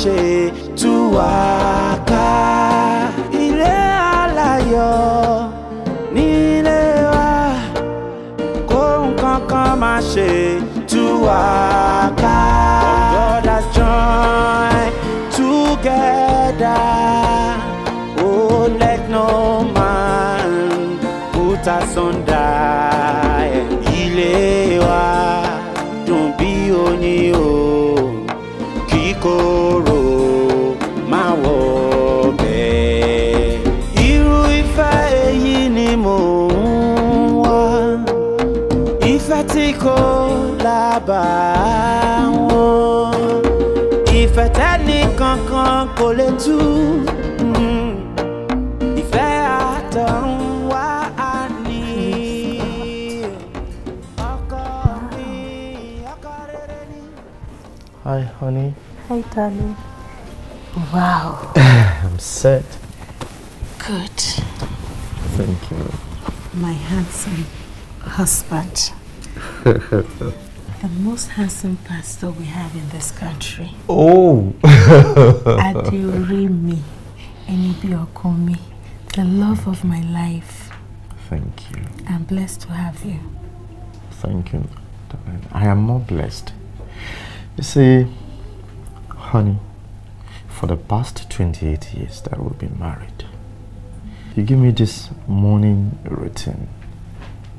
ṣe tú wá. honey. Hi, darling. Wow. I'm set. Good. Thank you. My handsome husband. the most handsome pastor we have in this country. Oh! Adurimi Enibiokomi, the love of my life. Thank you. I'm blessed to have you. Thank you. I am more blessed. You see, Honey, for the past 28 years that we've been married, you give me this morning routine,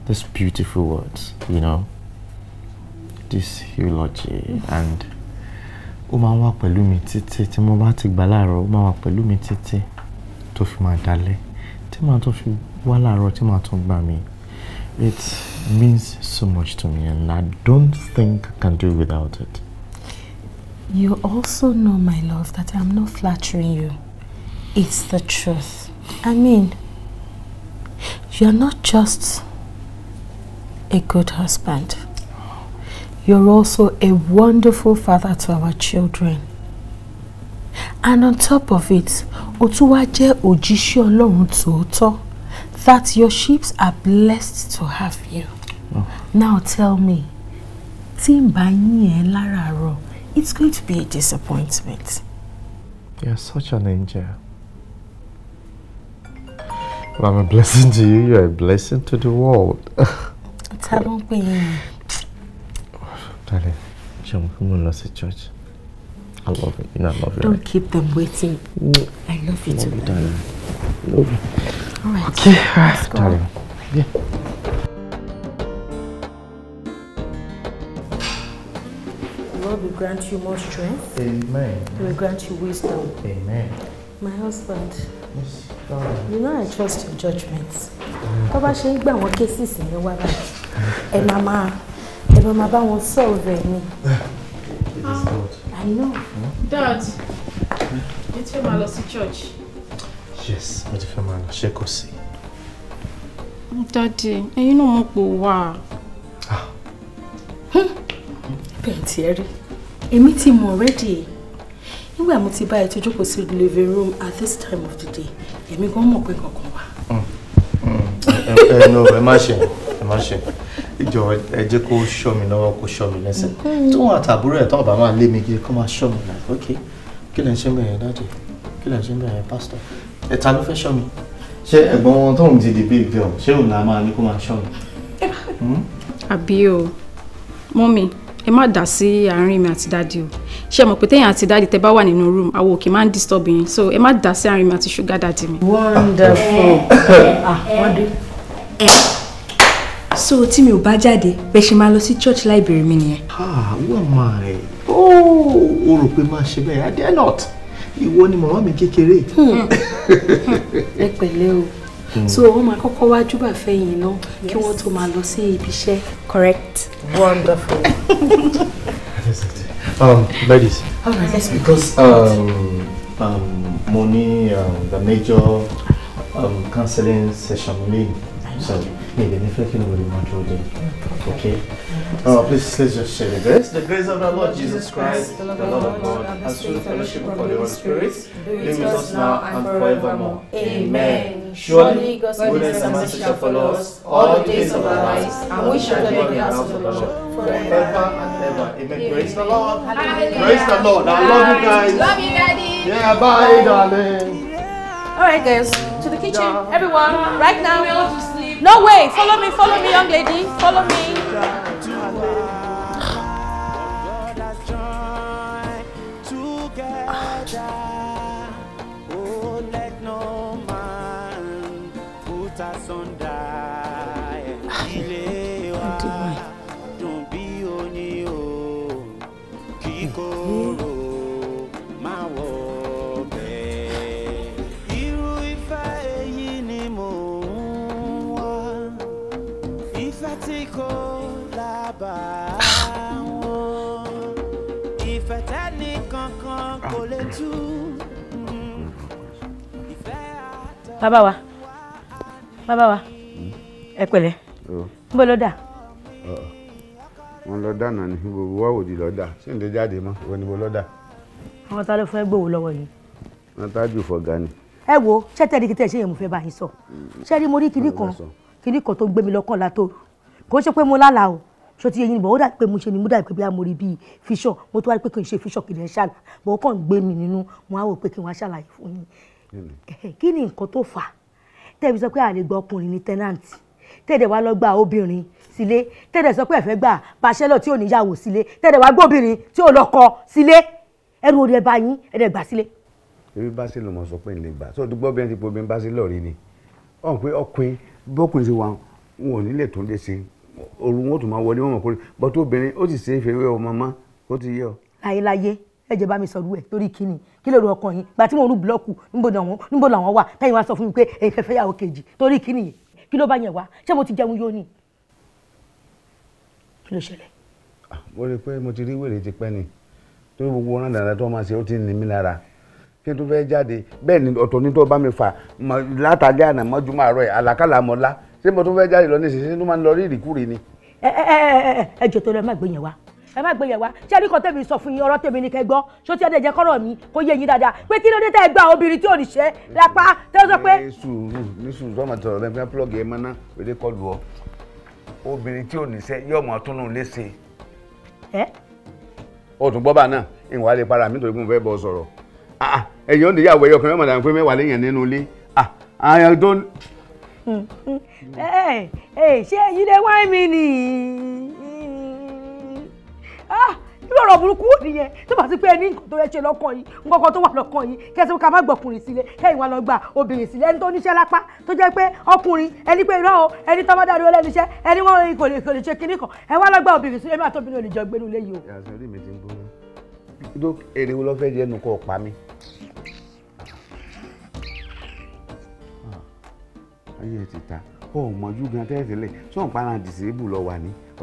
these beautiful words, you know, this eulogy and ó máa ń dalẹ̀ it means so much to me and I don't think I can do without it. You also know, my love, that I'm not flattering you. It's the truth. I mean, you're not just a good husband. You're also a wonderful father to our children. And on top of it, o tún wá jẹ́ that your sheep are blessed to have you. Oh. Now tell me, tí n bá it's going to be a disappointment. You're such an angel. Well, I'm a blessing to you, you're a blessing to the world. It's happening, Darling, John, come on, let's church. I love it. You know, I love it. Don't life. keep them waiting. I love you too. darling. Love you. All right. Okay, all right, darling. Yeah. Lord will grant you more strength. Amen. He will grant you wisdom. Amen. My husband. Yes, You know I trust your judgments. Tó bá ṣe ń gbà wọ́n cases ní wá báyìí. Ẹ máa máa ẹ máa máa bá wọn solve ẹ̀ ni. It I know. Dad, ẹ ti máa lọ sí church. Yes, mo ti fẹ́ máa lọ ṣé kò sí. Daddy, ẹ̀yin náà mọ̀ pé wà. Ah. Bẹ́ẹ̀ tiẹ̀ rí èmi ti mọ̀ already nígbà mo ti bá ẹ tó jókòó sí living room at this time of the day èmi gan mọ̀ pé kankan wà. Mm, mm, mm, ẹ no ẹ má ṣe ẹ má ṣe ìjọ ẹ jẹ́ kó ṣọ́ mi lọ́wọ́ kó ṣọ́ mi lẹ́sẹ̀ tó wọn àtàbúrò ẹ̀ tó ọba máa lé mi kiri kó máa ṣọ́ mi náà ok kí lẹ ń ṣe bẹ́ẹ̀ dájú kí lẹ ń ṣe bẹ́ẹ̀ pásítọ̀ ẹ̀ ta ló fẹ́ ṣọ́ mi ṣé ẹ̀gbọ́n wọn tóun ti di big girl ṣé òun la máa ní kó máa ṣọ́ mi. Hmm? àbí o mọ́mi ẹ má dá sí àárín mi àti dáàdi o ṣé mọ̀ pé téèyàn àti dáàdi tẹ bá wà nínú room àwọn òkè máa ń disturb yín so ẹ má dá sí àárín mi àti ṣúgà dáàdi mi. Eh, eh, eh. so tí mi ò bá jáde bẹ́ẹ̀ ṣe máa lọ sí church library mi nìyẹn. ah who am oh o rò pé máa ṣe bẹ́ẹ̀ i dare not ìwọ ni màmá mi kékeré. Hmm. Hmm. ẹ pẹ̀lẹ́ o. Mm. so wọ́n máa kọ́kọ́ wá júbà fẹ̀yìn náà kí wọ́n tó máa lọ sí ibi iṣẹ́. correct. wonderful. um, ladies. all right let's because um, um, mo um, the major um, counseling session lane so. may the reflection of the natural day. Okay? Oh, please, let's just share the grace. The grace of the Lord Jesus Christ, the love of God, and true fellowship of the Holy Spirit, be with us now and forevermore. Amen. Surely, God's goodness and mercy shall follow us all the days of our lives, and we shall dwell in the house of the Lord forever and ever. Amen. Praise the Lord. Praise the Lord. I love you guys. Love you, Daddy. Yeah, bye, darling. All right, guys, to the kitchen, everyone, right now. No way, follow me, follow me, young lady, follow me. bàbá wa bàbá wa hmm? ẹ pẹ̀lẹ́ níbo ló dà. wọn lọ dáná ni gbogbo wa òdì lọ dà ṣé n tó jáde mọ wọn níbo lọ dà. àwọn tá ló fẹ́ gbowó lọ́wọ́ yìí. wọn tájú fọgá ni. ẹ wo ṣẹ́tẹ́ ní kíkẹ́ ṣé èèyàn mo fẹ́ bá yín sọ hmm. ṣé rí mo rí kinní kan kinní kan tó gbé mi lọ́kàn látó kò ṣe pé mo lálàá o ṣó ti yẹ yín bọ̀ ó dà pé mo ṣe ni mo dà pé bí a mo rí bíi fíṣọ̀ mo tún wá pé kì í ṣe fíṣọ̀ kì í ṣàlà bọ̀ ó kàn gbé mi nínú mo á wò pé kí n wá ṣàlàyé fún yín kí ni nǹkan tó fà á tẹ́bi sọ pé a lè gba ọkùnrin ní tẹ́nàǹtì tẹ́ẹ̀dẹ̀ wá lọ gba obìnrin sílé tẹ́ẹ̀dẹ̀ sọ pé ẹ̀fẹ́ gba bàṣẹ́lọ̀ tí ò níyàwó sílé tẹ́ẹ̀dẹ̀ wá gbóbìnrin tí ò lọ́kọ sílé ẹrù orí ẹba yín ẹ̀dẹ̀ gbà sílé. ebi bá sí lọmọ sọ pé n lè gbà sọ dùgbọ́ bí wọn ti pobi bá sí lọ́ọ̀rí ni ọ̀hún pé ọkùnrin bọ́kùnrin ti wà wọn ò nílẹ̀ tó ń lé sí òru wọn ò tún máa wọlé wọn mọ̀ kórè bọ́tú obìnrin ó sì ṣe é fẹ́ wẹ́ ọ ó ti yẹ ọ. láyéláyé ẹ̀jẹ̀ bá mi sọ̀rọ̀ ẹ̀ torí kíni kí lè ro ọkàn yín gba tí mò ń rú búlọ́ọ̀kù níbo làwọn wà táyìn wá sọ fún mi pé èyí fẹ́fẹ́ yàwó kejì torí kíni yìí kí ló bá yẹn wá ṣé mo ti jẹun yóò ní. kí ló ṣẹlẹ̀. mo rí i pé mo ti rí wèrè ti pẹ́ ni torí gbogbo ọ̀ràn dáadáa tó máa ṣe ó ti ní mi lára kí n tó fẹ́ jáde bẹ́ẹ̀ ni ọ̀tọ̀ ní tó bá mi fà látàlẹ́ àná mọ́júmọ́ àárọ̀ ẹ̀ àlàkàlà mọ́lá ṣé mo tó fẹ́ jáde lọ ní ìsinsìnyí ló máa ń lọ rí ìrìkúrì ni. ẹ ẹ má gbé yẹn wá ṣé ẹni kan tèmi sọ fún yín ọ̀rọ̀ tèmi ni kẹ́ gbọ́ ṣó tí ẹ dẹ̀ jẹ́ kọ́rọ̀ mi kó yé yín dáadáa pé kí ló dé tẹ́ ẹ gba obìnrin tí ò ní ṣe lápá tẹ́ ẹ sọ pé. ní sùúrù ní sùúrù sọ́mọ tọ̀rọ̀ lẹ́nu fẹ́ plọ́ọ̀gì ẹ mọ́ná òde kọ́ lu ọ obìnrin tí ò ní ṣe yóò mọ̀ tún léṣe. ẹ. o tún gbọ́ bá náà ìwà lè para mi nítorí mo fẹ́ bọ́ sọ̀rọ̀ ah, ah, ẹ̀yìn òde yàwó ẹ̀yọ kan mọ̀dà pé mẹ́wàá lẹ́yìn nínú ilé àyàn tó. ẹ ẹ ṣé ẹ̀yin lè wá mi nìyí. Ah, irú ọ̀rọ̀ burúkú wò nìyẹn tó bá ti pé ẹni nǹkan tó yẹ ṣe lọ́kàn yìí nǹkan tó wà lọ́kàn yìí kẹsàn-án ká má gbọ̀kùnrin sílẹ̀ kẹ́yìn wá lọ gba obìnrin sílẹ̀ ẹni tó níṣẹ́ lápá tó jẹ́ pé ọkùnrin ẹni pé irọ́ o ẹni tó bá dàrú ẹlẹ́ni iṣẹ́ ẹni wọ́n kò lè kò lè ṣe kinní kan ẹ wá lọ gba obìnrin sílẹ̀ ẹni àtọ́bìnrin ò lè jọ gbénu léyìí o. yàtọ̀ orí mi ti ń gbóná dó èrè wo lọ fẹ́ jẹ́ nùkọ́ pa mi. Ah, ayé ti ta ọ̀ mọ̀jú gan tẹ́lẹ̀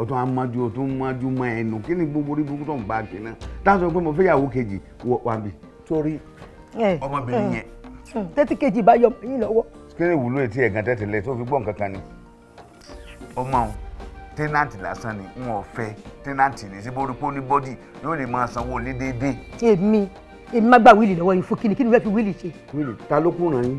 o tún amájú o tún májú mọ ẹnu kí ni gbogbo orí burúkú tó ń bá a kìnnà tá sọ pé mo fẹ́ yàwó kejì wà bí. torí ọmọbìnrin yẹn. tẹ́tí kejì bá yọ yín lọ́wọ́. kíni ìwúlò etí ẹ̀gàn tẹ́tẹ̀lẹ̀ tó fi gbọ́n kankan ni. ọmọ òun tẹ́nàntì lásán ni n ò fẹ́ tẹ́nàntì ní sí borí pọ́ní bọ́dì yóò lè máa sanwó lé déédéé. èmi èmi má gba wíìlì lọ́wọ́ yìí fún kíni kíni mo fi wíìlì ṣe. wíìlì ta ló kùnà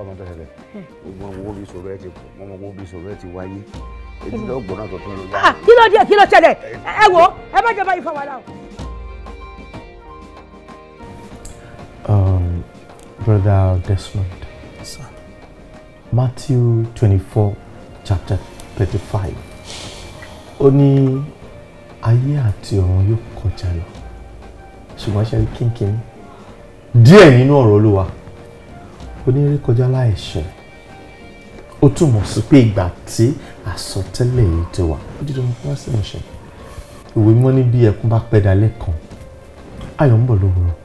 ọmọ tó ṣẹlẹ̀ gbogbo hmm. owó bí sọ̀rọ̀ ẹ ti pọ̀ ọmọ owó bí sọ̀rọ̀ ẹ ti wáyé èyí ló gbọ́n náà tó tún lọ. Ah, kí ló dé kí ló ṣẹlẹ̀ eh, eh. ẹ wo ẹ má jọba yìí fọwọ́ náà. Um, brother Desmond, Sir. Matthew 24, chapter 35. Ó ní ayé àti ọ̀run yóò kọjá lọ. Ṣùgbọ́n ṣe kínkín. Díẹ̀ nínú ọ̀rọ̀ Olúwa onírí kọjá láìṣe ó túmọ̀ sí pé ìgbà tí àsọtẹ́lẹ̀ yìí ti wà ó dídùn mọ́ wá sí ìmọ̀ṣẹ́ ìwé mímọ́ ní bí ẹkún bá pẹ́ dalẹ́ kan ayọ̀ ń bọ̀ lówùrọ̀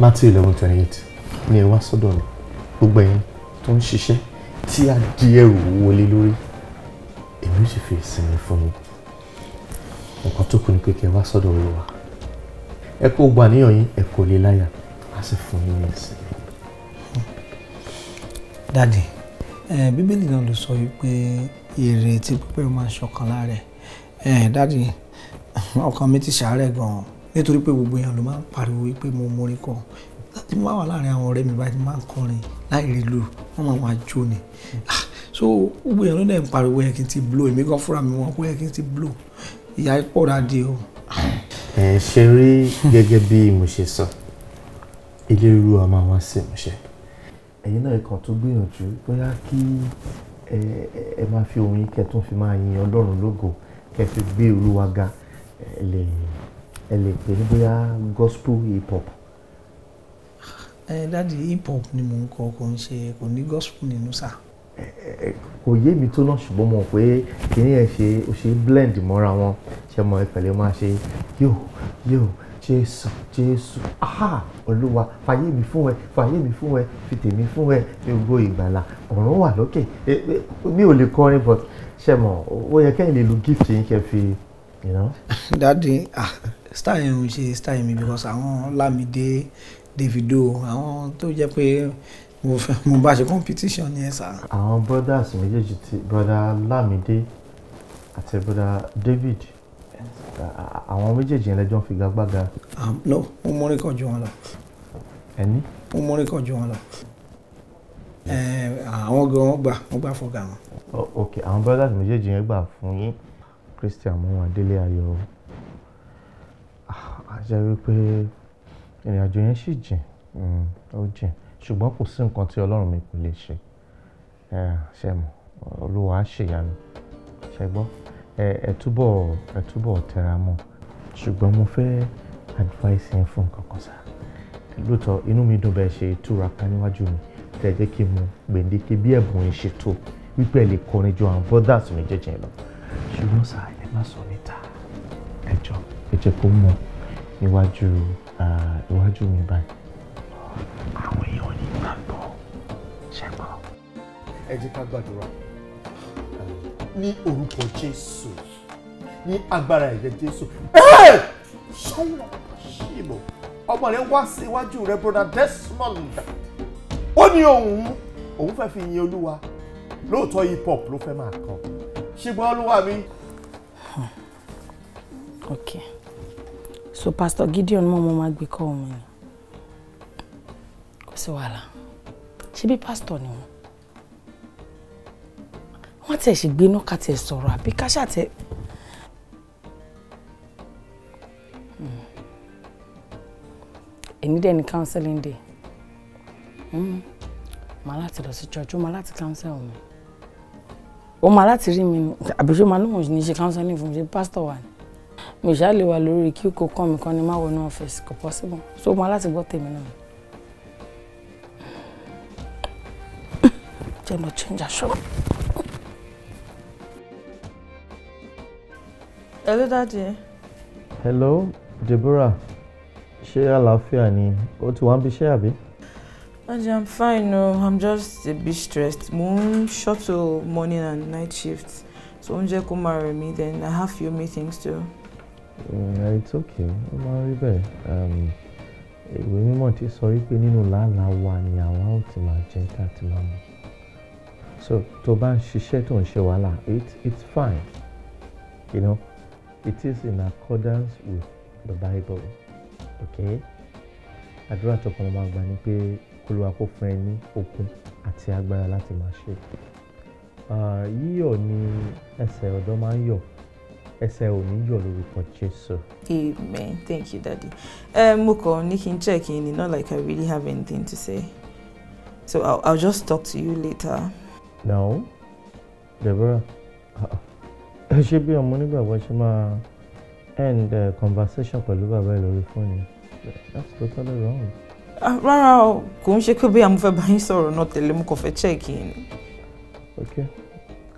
Matthew eleven twenty eight ni ẹ wá sọ́dọ̀ mi gbogbo ẹ̀yin tó ń ṣiṣẹ́ tí a di ẹrù wọlé lórí èmi ò sì fi ìsinmi fún mi nǹkan tó kù ni pé kẹ́ ẹ wá sọ́dọ̀ Olúwa ẹ kó gbà níyàn yín ẹ kò lè láyà á sì fún yín ní ìsinmi dáàdì bíbélì náà ló sọ wípé èrè tí pípẹ́ máa ń ṣọ̀kan lára ẹ̀ dáàdì ọkàn mi ti ṣàárẹ̀ gan-an nítorí pé gbogbo èèyàn ló máa ń pariwo wípé mo mórí kọ láti máa wà láàrin àwọn ọ̀rẹ́ mi bá ti máa ń kọrin láì rí lù wọ́n máa wá jó ni ah, so gbogbo èèyàn ló dẹ̀ ń pariwo yẹ ti blow èmi gan fúnra mi wọn kó yẹ kí n ti blow ìyá pọ̀ dáadé o. ẹ ṣe rí gẹ́gẹ́ bí mo ṣe sọ ilé rúru a máa wá sí ìmúṣẹ ẹ̀yin náà kàn tún gbìyànjú bóyá kí ẹ máa fi orin kẹ́ tún fi máa yin ọlọ́run lógo kẹ́ fi gbé olúwa ga ẹ lè ẹ lè pè ní bóyá gospel hip hop. ẹ dáàdi hip hop ni mò ń kọ kò ń ṣe kò ní gospel nínú sá. kò yé mi tó náà ṣùgbọ́n mo pé kí ni ẹ ṣe ó ṣe blend mọ́ra wọn ṣe mọ ìpẹ̀lẹ́ máa ṣe yóò yóò jésù jésù aha olúwa fàyè mi fún ẹ fàyè mi fún ẹ fi tèmi fún ẹ gbogbo ìgbàlà ọ̀run wà lókè e, e, mi ò lè kọrin but ṣe mọ ó yẹ kẹ́yìn lè lo gift yín kẹ́ fi. dadi ah star yẹn ń ṣe star yẹn mi because àwọn Lámídé Davido àwọn tó jẹ́ pé mo fẹ́ mo bá ṣe competition yẹn sá. àwọn brothers méjèèjì ti brother Lámídé àti brother David àwọn méjèèjì yẹn lẹ́jọ́ ń figagbága. Um, no mo mórí kan ju wọn lọ. ẹni. mo mórí kan ju wọn lọ. àwọn gan wọn gbà wọn gbà fọgà wọn. ok àwọn brothers méjèèjì yẹn gbà fún yín Christian mọ́wọ́n adélé ayọ̀ àṣẹ ah, wípé ìrìn àjò yẹn sì jìn hmm, ó jìn ṣùgbọ́n kò sí nǹkan tí ọlọ́run mi kò lè ṣe ṣe mọ̀ olúwa á ṣèyanu ṣe gbọ́ ẹ túbọ̀ ẹ túbọ̀ tẹra mọ́ ṣùgbọ́n mo fẹ́ advice yẹn fún nǹkan kan sá lóòótọ́ inú mi dùn bẹ́ẹ̀ ṣe túra ká níwájú mi tẹ̀ jẹ́ kí n mọ gbèǹdéke bí ẹ̀bùn yẹn ṣe tó wípé ẹ lè kọrin ju àwọn brothers mi jẹ́jẹ́ lọ ṣùgbọ́n sá ẹ má sọ níta ẹ jọ kó mọ̀ níwájú iwájú mi báyìí àwọn èèyàn ò ní gbàgbọ́ ṣẹ́gbọ́. ẹ jẹ́ ká gbàdúrà ní orúkọ Jésù ní agbára ẹ̀jẹ̀ Jésù sọ́wọ́n ṣìbò ọmọ rẹ wá sí iwájú rẹ broda Desmond ó ní òun òun fẹ́ fi yin Olúwa lóòótọ́ hip hop ló fẹ́ máa kọ ṣùgbọ́n Olúwa mi. ok so pastor Gideon mọ́ mo máa gbé kọ́ ọ̀hún ni kò sí wàhálà ṣebí pastor ni wọ́n wọ́n tẹ̀ ṣe gbéná ká tẹ̀ sọ̀rọ̀ àbí ká ṣàtẹ̀. Hmm. èmi dẹ̀ ni counseling day hmm. màá láti lọ sí church ó máa láti counsel mi ó máa láti rí mi àbí ṣé máa lóun ní ṣe counseling fún mi ṣe pastor wa ni mi ìṣá lè wà lórí kí kò kàn mí kan ní má wọnú ọ́fíìsì kò possible so máa láti gbọ́ tèmi náà. Hmm. jẹ́ lọ change Hello, Daddy. Hello, Deborah. Ṣé àlàáfíà ni? O ti wá ń bíṣẹ́ àbí? Daddy, I'm fine. No, I'm just a bit stressed. Moon shuttle morning and night shifts. So when you come marry me, then I have few meetings too. Mm, it's okay. Ó máa Um, rí bẹ́ẹ̀. Um, ìwé mímọ̀ ti sọ wípé nínú la la one àwa ò to máa jẹ́ to ti So tó bá ń ṣiṣẹ́ tó ń ṣe wàhálà, it's fine. You know? it is in accordance with the bible okay àdúrà tó kàn máa gbà ni pé kólúwa kó fún ẹ ní okun àti agbára láti máa ṣe yíyọ̀ ni ẹsẹ̀ ọ̀dọ́ máa ń yọ̀ ẹsẹ̀ ò ní yọ̀ lórúkọ Jésù. amen thank you daddy eh, mo kàn ní kí n check in not like i really have anything to say so i'll, I'll just talk to you later. no Deborah. Uh-uh ẹ ṣe bí ọmọ onígbàgbọ́ ṣe máa end uh, conversation pẹ̀lú bàbá ẹ lórí fóònù that's totally wrong. Ah, rárá o kò ń ṣe pé bóyá mo bá yín sọ̀rọ̀ náà tẹ̀lé mo kàn fẹ́ check in. okay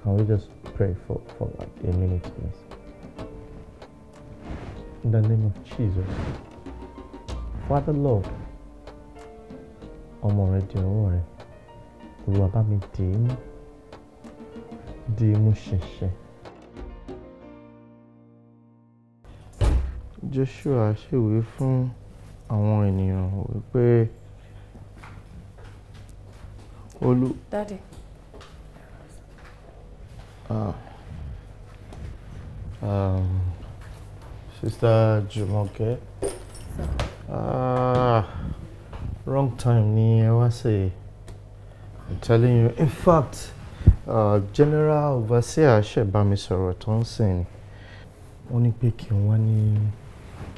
can we just pray for for like a minute please in the name of jesus father lord ọmọ rẹ di ọwọ́ rẹ olùwàbámi dì í mú dì í mú ṣinṣin. Joshua ṣèwé fún àwọn ènìyàn wípé olú. Daddy. Ah. Um, Sista Jumoke. Ah, wrong time ni ẹ wá ṣe. I'm telling you. In fact, uh, General Overseer ṣẹ̀bá mi sọ̀rọ̀ tó ń sìn. Wọ́n ní pé kí n wá ní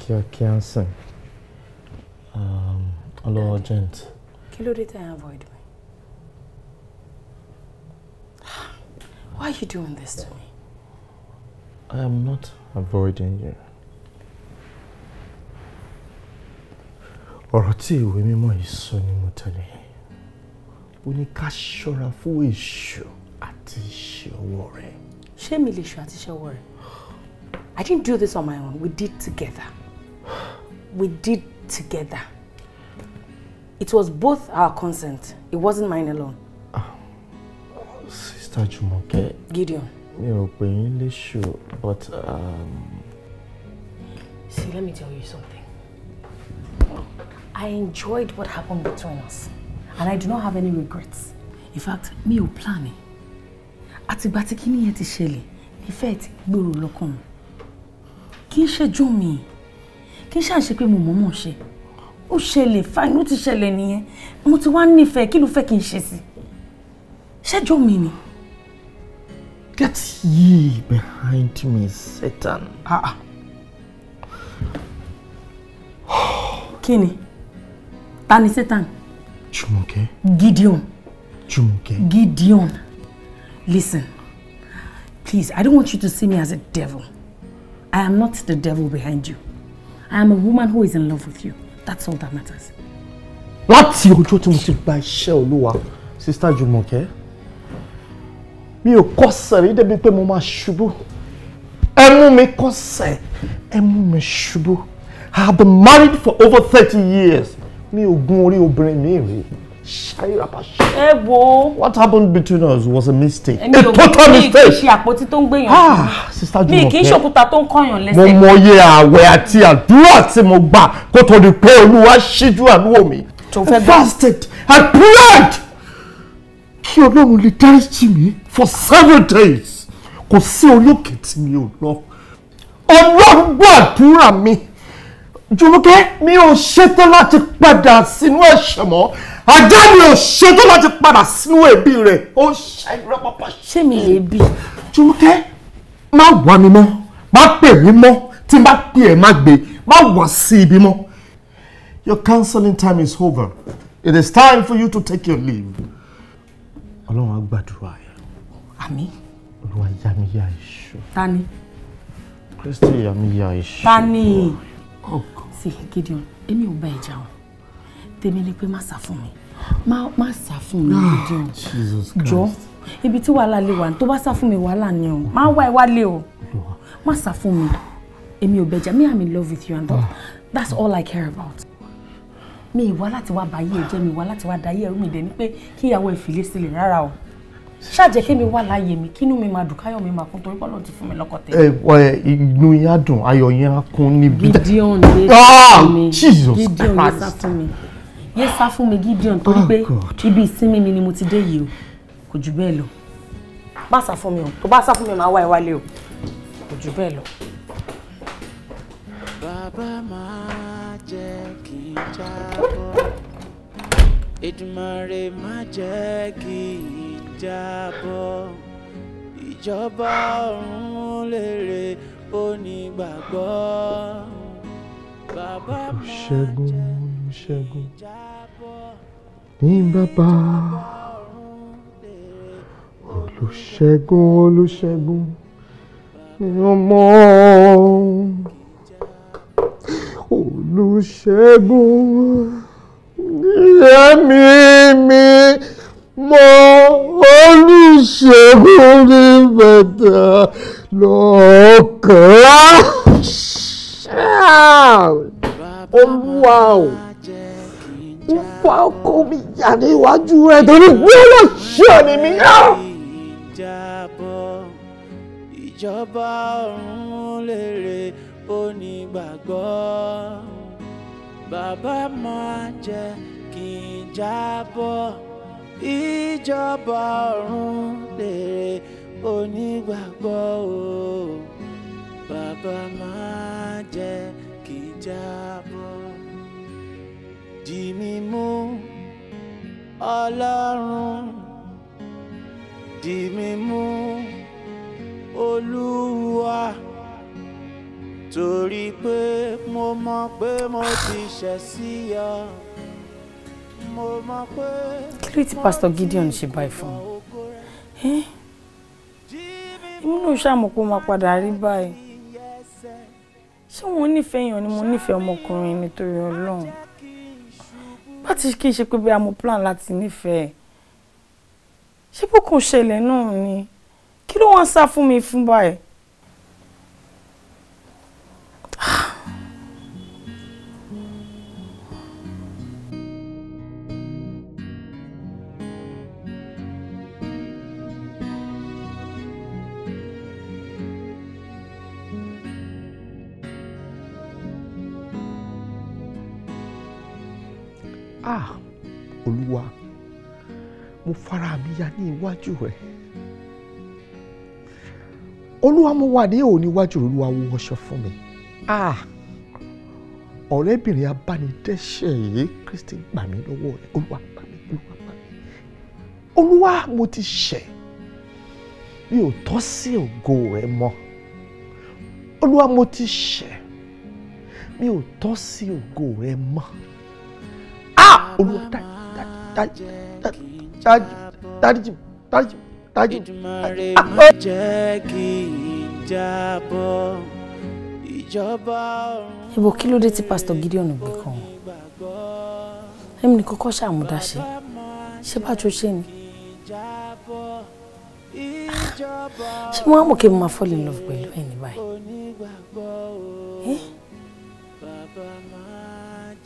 kíákíá ń sìn ọlọ́wọ́ gent. kí ló dé tẹ̀ ẹ́ avoid me? Why are you doing this to me? I am not avoiding you. ọ̀rọ̀ tí ìwé mímọ́ yìí sọ ni mo tẹ̀lé ó ní ká ṣọ́ra fún èṣù àti iṣẹ́ ọwọ́ rẹ̀. ṣé mi lè ṣù àti iṣẹ́ rẹ̀? I didn't do this on my own. We did together we did together. It was both our consent. It wasn't mine alone. Oh. Sister Jumoke. Gideon. Mi ò pè yín but um... See, let me tell you something. I enjoyed what happened between us. And I do not have any regrets. In fact, me ò planning. Ati Àtìgbà tí kíní yẹn ti ṣẹlẹ̀, ìfẹ́ ti gbòòrò lọ́kàn mi. Kì í kí n ṣàṣe pé mo mọ̀ mọ̀ ṣe ó ṣẹlẹ̀ fáyín ó ti ṣẹlẹ̀ nìyẹn mo ti wá nífẹ̀ẹ́ kí ló fẹ́ kí n ṣe sí ṣẹ́jọ́ mi ni. Get ye behind me, Satan. Ah, ah. Kí ni? Ta ni Satan? Jùmọ̀kẹ́. Gideon. Jùmọ̀kẹ́. Gideon. Listen, please, I don't want you to see me as a devil. I am not the devil behind you. I am a woman who is in love with you. That's all that matters. Láti ọjọ́ tí mo ti gba iṣẹ́ Olúwa, Sister Jùmọ̀kẹ́, mi ò kọsẹ̀ rí débi pé mo máa ṣubú. Ẹ mú mi kọsẹ̀, ẹ mú mi ṣubú. I have been married for over thirty years. Mi ò gun orí obìnrin mi rí ẹ wo. what happened between us was a mistake. a total mistake. mi kì í ṣe àpótí tó ń gbèyàn. ah sista Jumoke mi kì í ṣòkúta tó ń kọyàn lẹ́sẹ̀. mo mọye àwẹ̀ àti àdúrà tí mo gbà kó tó di pé olúwa ṣíjú àánú mi. tó fẹ́ gbà. I fasted I prayed kí ọlọ́run lè dáríjì mi for seven days kò sí olókè tí mi ò lọ ọlọ́run gbọ́ àdúrà mi jùmọ̀kẹ́ mi ò ṣetán láti padà sínú ẹ̀ṣẹ̀ mọ́ ajá mi ò ṣetán láti padà sínú ẹbí rẹ̀ ó ṣàìrọ́ pápá. ṣé mi lè bí. jùmọ̀kẹ́ má wá mi mọ́ má pè mí mọ́ tí n bá pè ẹ́ má gbé má wá sí ibi mọ́. your counseling time is over it is time for you to take your leave. ọlọ́run á gbàdúrà ẹ̀. àmín. olúwa yá mi yá iṣu. ta ni. kristi yá mi yá iṣu. ta ni. Oh see Gideon èmi ò bá ẹ jà o tèmi ni pé má sá fún mi má má sá fún mi ah, Gideon jọ ibi tí wàhálà lè wà tó bá sá fún mi wàhálà ni o má wá ẹ wálé o má sá fún mi èmi ò bá me i'm in love with you and that, ah. that's all i care about mi ìwà láti wá báyé ẹ jẹ́ mi ìwà láti wá dayé ẹrú mi dẹ̀ ni pé kíyàwó ẹ fìlé sílẹ̀ rárá o ṣáàjẹ́ kémi wà láàyè mi kínú mi máa dùn káyọ̀ mi máa kún torí pọ́lọ́ ti fún mi lọ́kọ tẹ. ẹ ẹ inú yẹn dùn ayọ̀ yẹn á kún níbi. Gideon yé ah! fún mi Gideon fún mi Gideon torí oh pé ibi ìsinmi mi ni mo ti dé yìí o kò jù bẹ́ẹ̀ lọ bá sá fún mi o tó bá sá fún mi máa wá ẹ wálé o kò jù bẹ́ẹ̀ lọ. bàbá máa jẹ́ kí n jábọ́ Èdùmàrè máa jẹ́ kí n jábọ́ ìjọba ọ̀run lèrè onígbàgbọ́ bàbá máa jẹ́ ìṣẹ́gun ní bàbá olùṣègùn olùṣègùn ní ọmọ olùṣègùn ní ẹ̀mí mi mọ olùṣègùn ní bàtà lọ́kàn. olúwa o ń fa ọkọ mi yà níwájú rẹ torí wọ́n ṣe ni mí. ìjọba ọ̀run lèrè onígbàgbọ́ bàbá máa jẹ́ kí n jábọ́ ìjọba ọ̀run lèrè onígbàgbọ́ o bàbá má jẹ́ kí n jábọ́ dì mí mú ọlọ́run dì mí mú olúwa torí pé mo mọ̀ pé mo ti ṣẹ̀ sí ọ kí ló ti pásítọ̀ Gideon ṣe báyìí fún un èmi náà ṣàmọ̀ pé ó máa padà rí báyìí ṣé wọn nífẹ̀ẹ́ èèyàn ni mo nífẹ̀ẹ́ ọmọkùnrin nítorí Ọlọ́run bá ti kí n ṣe pé bí a mọ plan láti nífẹ̀ẹ́ ṣé bó kò ṣẹlẹ̀ náà ni kí ló wá ń sá fún mi fún báyìí. ah olúwa mo fara mi ya ní iwájú rẹ olúwa mo wà ní òní iwájú rẹ olúwa wọ ọṣọ fún mi ah ọ̀rẹ́bìnrin abánidẹ́ṣẹ̀ yìí kristi gbà mí lọ́wọ́ rẹ olúwa gbà mí olúwa gbà mí olúwa mo ti ṣẹ̀ mi ò tọ́ sí ògo rẹ mọ́ olúwa mo ti ṣẹ̀ mi ò tọ́ sí ògo rẹ mọ́ olúwa dájú dájú dájú dájú dájú. ìdùmarè má jẹ́ kí n jábọ́ ìjọba ibo kí ló dé tí pásítọ̀ Gideon gbé kan èmi ní kọ́kọ́ ṣàmúdá ṣe ṣé bá ṣe ni ṣé mo wá mọ̀ kí mo máa fall in love pẹ̀lú ẹ̀yìn báyìí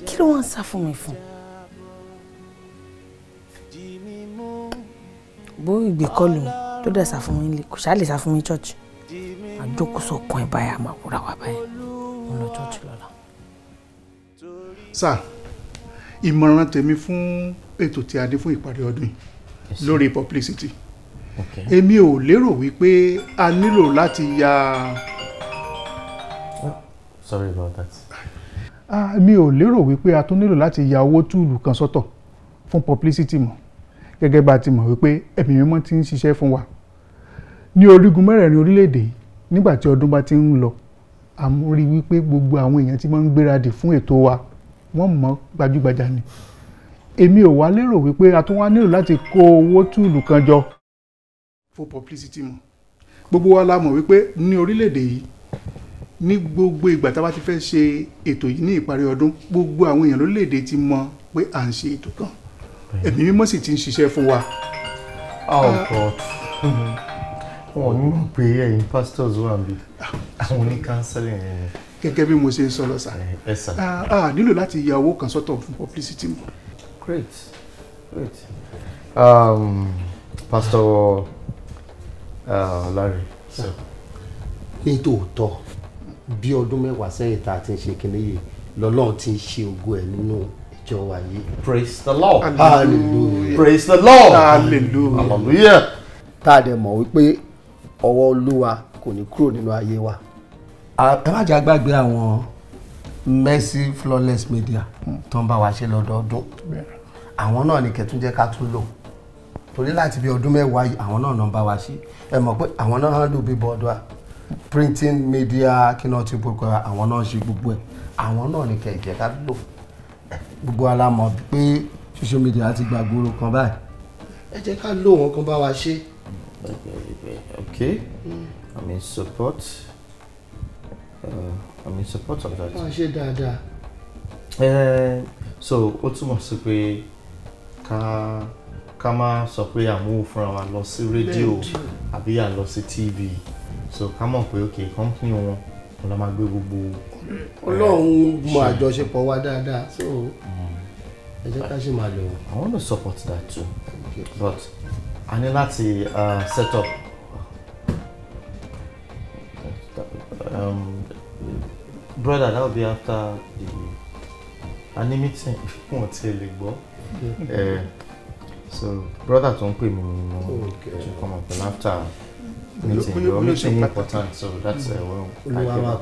kí ló wá ń sá fún mi fún bó ìgbé tó dẹ̀ sá fún kò ṣáà lè church àjókòsọ kan ẹ̀ báyà máa wúra wá báyà mo lọ church lọ́la. sir ìmọ̀ràn tèmi fún ètò tí a dé fún ìparí ọdún yìí lórí publicity èmi ò lérò wípé a nílò láti ya. Oh, sorry about that. èmi ò lérò wípé a tún nílò láti ya owó túùlù kan sọ́tọ̀ fún publicity mọ́ gẹ́gẹ́ bá a ti mọ̀ wípé ẹ̀mí mímọ́ ti ń ṣiṣẹ́ fún wa ní orígun mẹ́rẹ̀ẹ̀rin orílẹ̀-èdè yìí nígbà tí ọdún bá ti ń lọ a rí wípé gbogbo àwọn èèyàn ti máa ń gbáradì fún ètò wa wọ́n mọ̀ gbajúgbajà ni èmi ò wá lérò wípé a tún wá nílò láti kó owó túùlù kan jọ fún publicity mọ̀ gbogbo wa la mọ̀ wípé ní orílẹ̀-èdè yìí ní gbogbo ìgbà tá a bá ti fẹ́ ṣe ètò yìí ní ìparí ọdún gbogbo àwọn èèyàn lórílẹ̀-èdè ti mọ̀ pé à ń ṣe ètò kan ẹ̀mí mímọ́ sì ti ń ṣiṣẹ́ fún wa. oh god wọn ò ní mọ̀ pé ẹ̀yin pastors wà bí àwọn oní counseling yẹn. gẹ́gẹ́ bí mo ṣe ń sọ lọ eh, a nílò láti ya owó kan sọ́tọ̀ fún publicity mọ́. great great um, pastor uh, Larry. So. ní tòótọ́ bí ọdún mẹ́wàá sẹ́yìn tá a ti ń ṣe kínní yìí lọ́lọ́run ti ń ṣe ògo ẹ̀ nínú. No jọ wà praise the lord hallelujah praise the lord hallelujah hallelujah. tá a dẹ̀ mọ̀ wípé ọwọ́ olúwa kò ní kúrò nínú ayé wa. ẹ má àwọn mercy flawless media tó ń bá wa ṣe lọ́dọọdún àwọn náà ni kẹtúnjẹ ká tún lò torí láti bí ọdún mẹ́wàá yìí àwọn náà náà ń bá wa ṣe ẹ mọ̀ pé àwọn náà lò bí bọ́ọ̀dọ́à printing media kí náà ti gbogbo àwọn náà ṣe gbogbo ẹ̀ àwọn náà ni kẹ̀kẹ́ ká lò gbogbo ala mọ̀ pé social media ti gba gbòòrò kan báyìí ẹ jẹ́ ká lò wọ́n kan bá wa ṣe. ok i'm in support uh, i'm in support of that. wọ́n ṣe dáadáa. Eh, so ó túmọ̀ sí pé ká ká má sọ pé à ń mú fúnra wa lọ sí rédíò àbí à lọ sí tv so ká mọ̀ pé ok company wọn wọn la máa gbé gbogbo Mm. Ọlọ́run mọ àjọṣepọ̀ wa dáadáa so ẹ jẹ́ ká ṣe máa lò. I want to support that too okay. but I need láti uh, set up um, brother that will be after the a ní meeting wọn ti lè gbọ́ mm. eh, so brother tó ń pè mí ni mo ṣe come up after. You're so uh,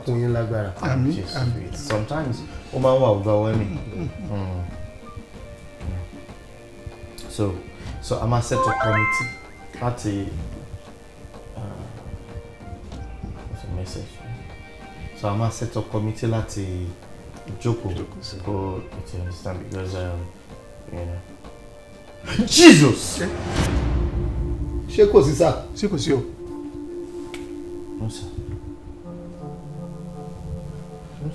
kún yín lágbára. Àmín àmín. Sometimes ó máa ń wà overwhelming. So so a máa set a committee láti uh, message. So a máa set a committee láti jókòó go to understand because um, you know. Jesus! Ṣé kò sí sá? Ṣé kò sí o?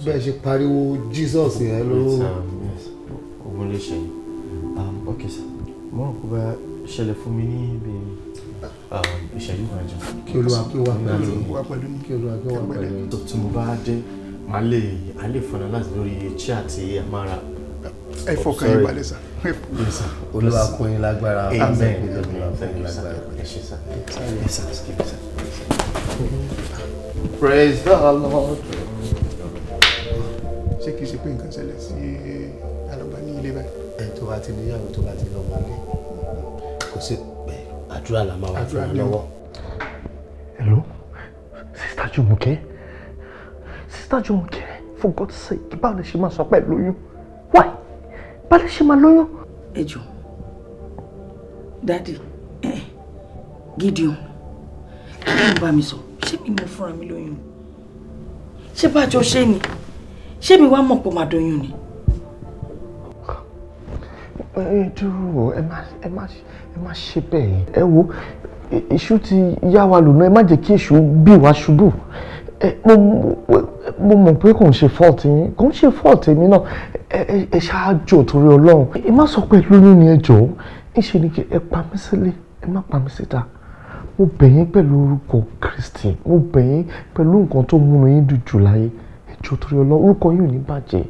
bẹ́ẹ̀ ṣe pariwo Jesus yẹn ló. ogun lè ṣe um, ok sir mo rò pé bá ṣẹlẹ̀ fún mi ní ibi um, ìṣẹ́jú kan jù. kí olúwa kí wà pẹ̀lú kí olúwa kí wà pẹ̀lú. tí mo bá dé màá lè a lè fọnà láti lórí iṣẹ́ àti amára. ẹ fọkàn yín balẹ̀ sá. olúwa kún yín lágbára amen olúwa kún yín lágbára. ẹ ṣe sá ẹ ṣe sá. Praise the Lord. ṣé kìí ṣe pé nǹkan ṣẹlẹ̀ sí alọ́ba ní ilé báyìí. ẹ tó bá ti níyàwó tó bá ti lọ́ọ́ wọlé kò sí pé àdúrà la máa wà fún ọ lọ́wọ́. hello sista Jùmọ̀kẹ́ sista Jùmọ̀kẹ́ for God's sake báwo lè ṣe máa sọ pé lóyún why báwo lè ṣe máa lóyún. ẹ jọ dadi eh, Gideon kí ló ń bá mi sọ ṣé mi mo fúnra mi lóyún ṣé bájọ ṣé ni ṣé mi wá mọ̀ pọ̀ máa doyún ni. ẹ dúró ẹ má ẹ má ẹ má ṣe bẹ́ẹ̀ ẹ wo èṣù ti yá wa lò náà ẹ má jẹ́ kí èṣù bí wa ṣubú mo mọ̀ pé kò ń ṣe fault yín kò ń ṣe fault èmi náà ẹ ṣáájò torí ọlọ́run ẹ má sọ pé lóyún ni ẹ jọ̀ọ́ ẹ ṣe ni kí ẹ pa mí sílé ẹ má pa mí síta mo bẹ̀ yín pẹ̀lú orúkọ Kristi mo bẹ̀ yín pẹ̀lú nǹkan tó múnú yín dùn jù láyé ẹ jọ̀ọ́ torí Ọlọ́run orúkọ yín ò ní bàjẹ́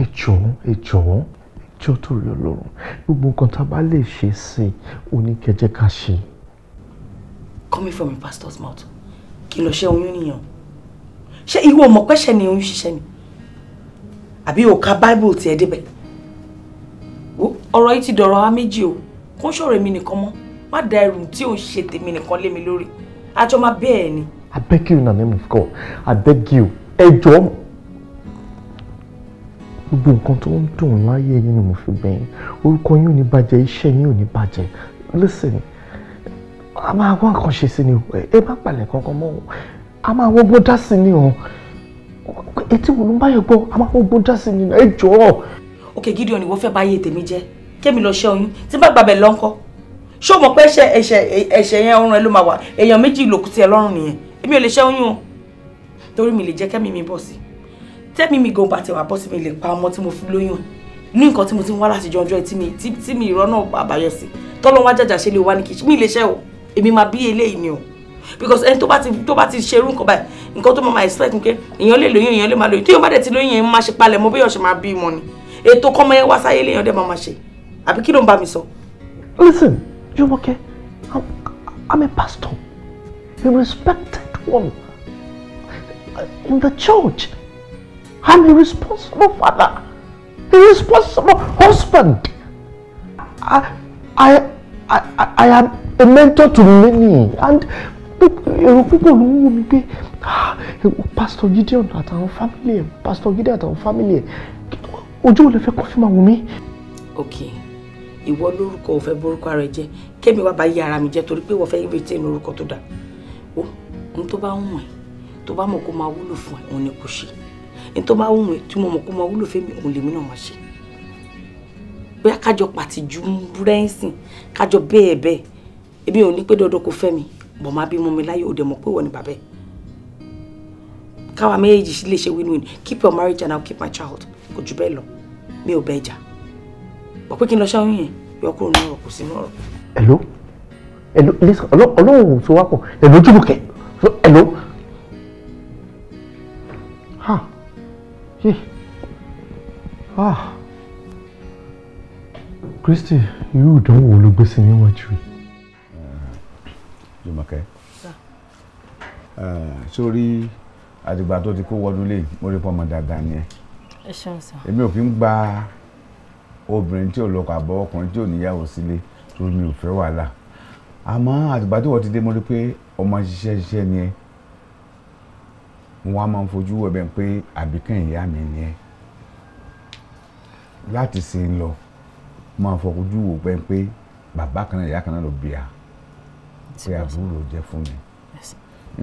ẹ jọ̀ọ́ ẹ jọ̀ọ́ ẹ jọ̀ọ́ torí Ọlọ́run gbogbo nǹkan tá a bá lè ṣe sí i ò ní kẹjẹ ká ṣe. coming from a pastor's mouth kí lọ ṣe oyún nìyẹn ṣé ìwọ ọmọ pẹ́ṣẹ̀ ni oyún ṣiṣẹ́ ni àbí o ka bible tiẹ̀ débẹ̀ ọ̀rọ̀ yìí ti dọ̀rọ̀ á méjì o kó ń ṣọ̀rọ̀ èmi nìkan mọ́ má da ẹrù tí ò ń ṣe tèmi nìkan lé mi lórí àjọ máa bẹ́ẹ̀ ni. I beg you in the name of God I beg you ẹ jọ̀ọ́ gbogbo nǹkan tó ń dùn láyé yín ni mo fi bẹ̀yìn orúkọ yín ò ní bàjẹ́ iṣẹ́ yín ò ní bàjẹ́ listen a máa wá nǹkan ṣe sí ni o ẹ má palẹ̀ kankan mọ́ o a máa wọ́gbọ́n dá sí ni o etí wo ló ń báyọ̀ gbọ́ a máa wọ́gbọ́n dá sí ni ẹ jọ̀ọ́. òkè Gideon ni wọ́n fẹ́ báyé tèmi jẹ́ kémi lọ ṣẹ́ oyún tí bá gbàgbẹ́ lọ́ńkọ́ ṣé o mọ̀ pé ẹ̀ṣẹ̀ ẹ̀ṣẹ̀ ẹ̀ṣẹ̀ yẹn ọrùn ẹ ló máa wà èèyàn méjì lòkù tí ẹ lọ́rùn nìyẹn èmi ò lè ṣe oyún o torí mi lè jẹ́ kẹ́mi mi bọ̀ sí tẹ́mi mi gan bàtẹ̀ wà bọ́ sí mi lè pa ọmọ tí mo fi lóyún ní nǹkan tí mo ti ń wá láti jọ ọjọ́ tí mi ìrọ́nà àbáyọ sí tọ́lọ́ wá jàjà ṣe lè wá ní kìí mi lè ṣe o èmi máa bí eléyìí ni o because ẹni tó bá ti tó bá ti ṣerú nǹkan báyìí nǹkan tó máa máa expect nǹkan èèyàn lè lóyún èèyàn lè máa lóyún tí èèyàn bá dẹ̀ ti lóyún èèyàn máa ṣe palẹ̀ mọ́ bí èèyàn ṣe máa bí mọ́ ni ètò kọ́mọ yẹn wá sáyé léèyàn dẹ̀ máa máa ṣe àbí kí ló ń bá mi sọ. listen Jumoke, I'm, I'm a pastor, a respected one in the church. I'm a responsible father, a responsible husband. I, I, I, I am a mentor to many and èrò púpọ̀ ló ń pastor Gideon at our family pastor Gideon at our family ẹ̀ ojú ò lè fẹ́ kó fi okay ìwọ lórúkọ ò fẹ́ borúkọ ara ẹ jẹ́ kémi wá bá yí ara mi jẹ́ torí pé wọ́n fẹ́ retain orúkọ tó dáa ó ní tó bá wùn ẹ́ tó bá mọ̀ kó máa wúlò fún ẹ òun ni kò ṣe ní tó bá wùn ẹ́ tí mo mọ̀ kó máa wúlò fẹ́mi òun lèmi náà máa ṣe bóyá kájọ pàtìjú rẹ́ǹsìn kájọ bẹ́ẹ̀ bẹ́ẹ̀ èmi ò ní pé dandan kò fẹ́ mi bọ̀ máa bí mọ́ mi láyé òde mọ̀ pé wọ́n ni bàbá ẹ̀ káwa méjèèjì lè ṣe win-win keep your marriage and I'll keep my child kò jù bẹ́ẹ̀ lọ mi ò bẹ́ẹ̀ jà ò pé kí n lọ ṣáwìn yẹn yọ kúrò nínú ọ̀rọ̀ kò sí nínú ọ̀rọ̀. hello hello listen ọlọ́run tó wá pọ̀ hello jùlùkẹ́ hello ha yé ah Christy irú ìdánwò wo ló gbé sí níwájú yìí. Jùmọ̀kẹ́ sórí àtìgbà tó ti kó wọdún lé mo rí pọ́nmọ dáadáa ni ẹ èmi ò kí ń gba obìnrin tí ò lọ́kọ àbọ̀ ọkùnrin tí ò níyàwó sílé torí mi ò fẹ́ wàhálà àmọ́ àtìgbà tí wọ́n ti dé mo rí pé ọmọ ṣiṣẹ́ ṣiṣẹ́ ni ẹ wọn a máa ń fojú wọ̀ bẹ́ẹ̀ pé àbíkàn ìyá mi ni ẹ láti ṣe ń lọ máa fojú wọ̀ bẹ́ẹ̀ pé bàbá kan náà ìyá kan náà ló bí a pé àbúrò ló jẹ́ fún mi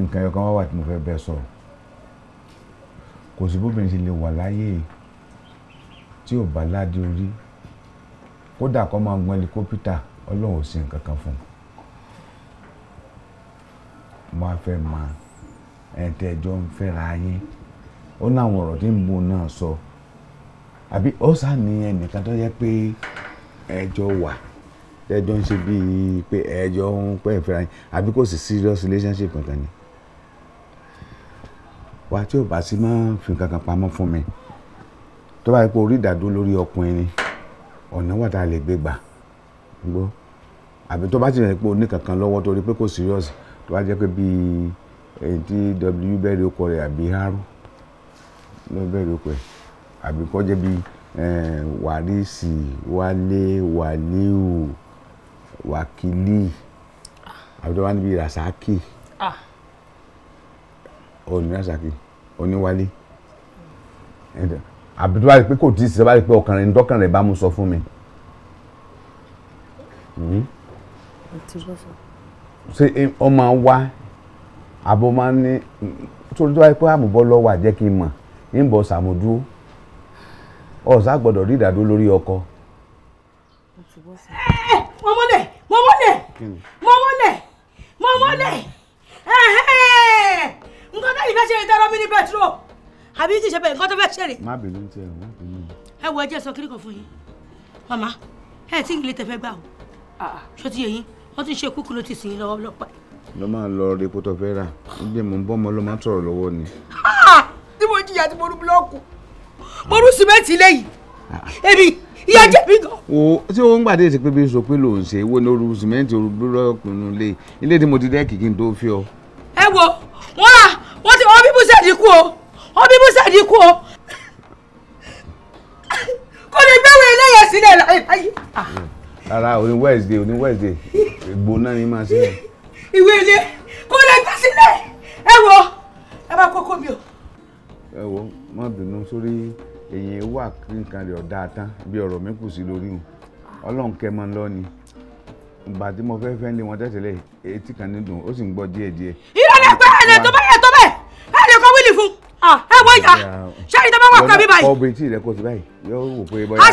nǹkan ẹ̀yọ̀ kan wá wà tí mo fẹ́ bẹ́ẹ̀ sọ̀rọ̀ kò sí bóbìnrin ṣe lè wà láyé tí ò bá ládé orí kódà kó máa gun ẹlikópítà ọlọ́run ò sí nǹkan kan fún un mo á fẹ́ mọ ẹ̀ǹtẹ̀ ẹjọ́ ń fẹ́ra yín ó láwọn ọ̀rọ̀ tí ń bu náà sọ àbí ó sáà ní ẹnìkan tó yẹ pé ẹjọ́ wà ẹjọ́ ń ṣe bíi pé ẹjọ́ ń pẹ́ ìfẹ́ra yín àbí kò sí serious relationship kankan ni wà á tí ò bá sí máa fi nǹkan pamọ́ fún mi tó bá yẹ pé orí ìdádó lórí ọkùnrin ni ọ̀nà wà tá a lè gbé gbà gbọ́ àbí tó bá ti rìn pé o ní kankan lọ́wọ́ torí pé kò serious tó bá jẹ́ pé bíi èyí tí w bẹ́ẹ̀rẹ̀ okọ rẹ̀ àbí haru ló bẹ́ẹ̀rẹ̀ okọ rẹ̀ àbí kọ́ jẹ́ bíi wàrísì wálé wàlíù wákìlì àbí tó bá níbi rasaki òní rasaki oníwálé ẹ̀dọ̀ àbí tó bá rí pé kò tí ì sí tó bá rí pé ọkàn rẹ̀ ńdọ́kàn rẹ̀ bá mú sọ fún mi. Hmm? ṣé ọ máa ń wá àbọ̀ máa ń ní torí tó bá rí pé àmúbọ́ lọ́wọ́ àjẹ́ kí n mọ̀ ń bọ̀ sàmúdúró ọ̀sá gbọ́dọ̀ rí ìdádó lórí ọkọ. wọ́n mọ́lẹ̀ wọ́n mọ́lẹ̀ wọ́n mọ́lẹ̀ wọ́n mọ́lẹ̀ nǹkan tẹ́lifíṣẹ́ ìtẹ́lọ́mí ní bẹ́tírò àbí kì í ṣe bẹ́ẹ̀ nǹkan tó fẹ́ ṣe rè. má bínú tí ẹ wọ́n bínú. ẹ wo ẹjẹ sọ kiri kan fún yín màmá ẹ tí ìlé tẹfẹ gbà o ah, ah. ṣó ti yẹ yín wọ́n ti ṣe kúkú ló ti sìn yín lọ́wọ́ ọlọ́pàá. lọ máa lọ rí epo tó fẹ́ rà ó jẹ́ mọ̀ ń bọ́ ọmọ ló máa tọ̀rọ̀ lọ́wọ́ ni. Ah! tí mo jìyà tí mo rú búlọ́ọ̀kù mo rú sìmẹ́ǹtì lẹ́yìn èmi ìyá jẹ̀bi gan. wo tí o ń gbàdé ti pé bí sọ pé lòun ṣe wo ní oru sìmẹ́ǹtì oru búlọ́ọ̀kù nílé ilé tí mo ti dẹ́kì kí n tó fi ọ. ẹ wo wọn wọn ti wọn bíbú sẹ́ẹ̀dì o òbí musa di kú o kò lè gbẹ́wò eléyà sílẹ̀ láyé. rárá òní wednesday òní wednesday gbóná ni máa ṣe. ìwé ilé kò lè gbé sílẹ̀ ẹ wo ẹ bá kókó mi o. ẹ wo má bínú sórí èyí wà nǹkan rẹ̀ ọ̀dà tán bí ọ̀rọ̀ mi kù sí lórí o ọlọ́run kẹ́ mọ́ lọ ni ìgbà tí mo fẹ́ fẹ́ lé wọn tẹ̀sílẹ̀ etí kan nídùn ó sì ń gbọ́ díẹ̀díẹ̀. ìrọ̀lẹ́ pẹ́ẹ́rẹ́ tó bá yẹ tó bẹ́ẹ̀ wo ìyá sẹ́ni tó bá wà kọ́ mi báyìí. ọbẹ̀ tí rẹ kò báyìí yóò wò pé bọ́yá.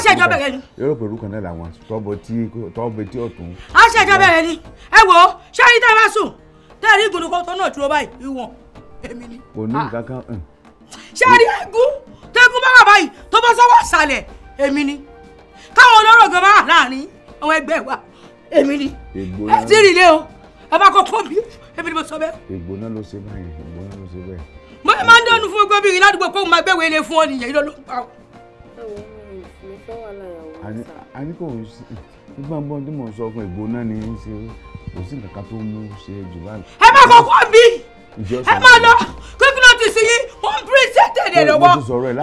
yóò rò pé náà làwọn tọ́bọ̀ tí tọ́bọ̀ tí ọ̀tún. aṣèjọ bẹ̀rẹ̀ ni ẹ wo sẹ́ni tó bá sùn tẹ́ẹ̀rí ìgbòdòkọ tó náà dúró báyìí ìwọ̀n èmi ni. kò ní ah. nǹkan kan. sẹ́ni hm. ẹ̀gún tẹ́gún bá wà báyìí tó bá sọ́wọ́ sàlẹ̀ èmi ni káwọn olóró bá wà láàrin àwọn ẹgbẹ́ wa èmi ni ẹ ti rìn lé o ẹ bá kọ́ mi èmi ni mo sọ bẹ́ẹ̀. ìgbóná ló ṣe báyìí ìgbóná ló ṣe bẹ́ẹ̀ mo fi máa ń dẹnu fún gbogbo bíi ládùúgbò kóun máa gbẹ̀wé ilé fún ọ nìyẹn ló ló pa ọ. a ní kò ń sí nígbà gbọ́n tí mò ń sọ fún ìgbó náà ní í ṣe kò sí nǹkan tó mú ṣe jù báyìí. ẹ má kọ́kọ́ bí ẹ má lọ kíkúrò ti sí yín ó ń pírítẹ́tẹ̀ rẹ̀ lọ́wọ́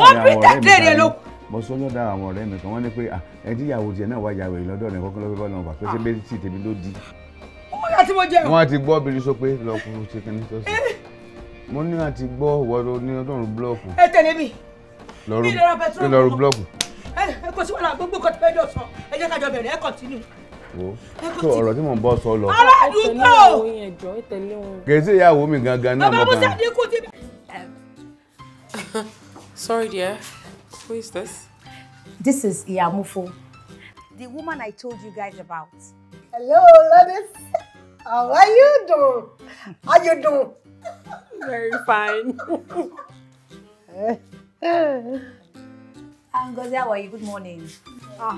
ó ń pírítẹ́tẹ̀ rẹ̀ lọ́wọ́ mo sọ lọ́dọ̀ àwọn ọ̀rẹ́ mi kan wọ́n ní pé ẹ tí ìyàwó tiẹ̀ náà wá ìyàwó yìí lọ́dọ̀ ní kọ́kọ́ lọ́wọ́ lọ́wọ́ pé ṣé ah. bẹ́ẹ̀ tí tèmi ló di. wọ́n ti gbọ́ obìnrin sọ pé lọ́kùnrin ṣe kí ní sọ́sì mo ní àti gbọ́ ìwọ ló ní ọlọ́run búlọ́ọ̀kù. ẹ tẹ̀lé mi mi lọ́ra pẹtrol lọ́run búlọ́ọ̀kù. ẹ kò sí wàhálà gbogbo kan tó fẹ́ jọ sọ ẹ jẹ́ ká jọ bẹ̀rẹ̀ ẹ kọ̀tínú. wo tó ọ̀rọ̀ tí mò ń bọ́ sọ lọ. aládùúgbò gèsè ìyàwó mi gangan náà mọ̀ kan. Sorry dear, who is this? This is Iyamufo, the woman I told you guys about. Hello ladies, how are you doing? How you doing? Very fine. Ah, Ngozi, how are you? Good morning. Ah.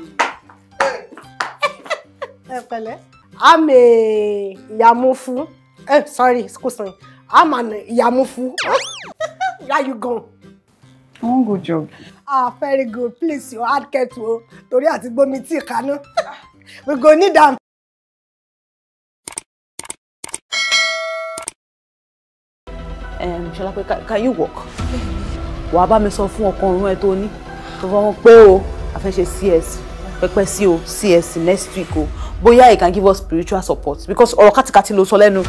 Ẹ I'm a Yamufu. Eh, sorry, excuse me. I'm an Yamufu. Where you gone? Oh, good job. Ah, very good. Please, your hard kettle. Torí àti gbómi tí kaná. We go need them. Ṣọlá pé can you walk wàá bá mi sọ fún ọkọ ọ̀run ẹ tó ní fọwọ́n pé o àfẹ́ṣe CS pẹpẹ sí o CS next week o bóyá he can give us spiritual support because ọ̀rọ̀ kàtìkàtì ló sọ lẹ́nu.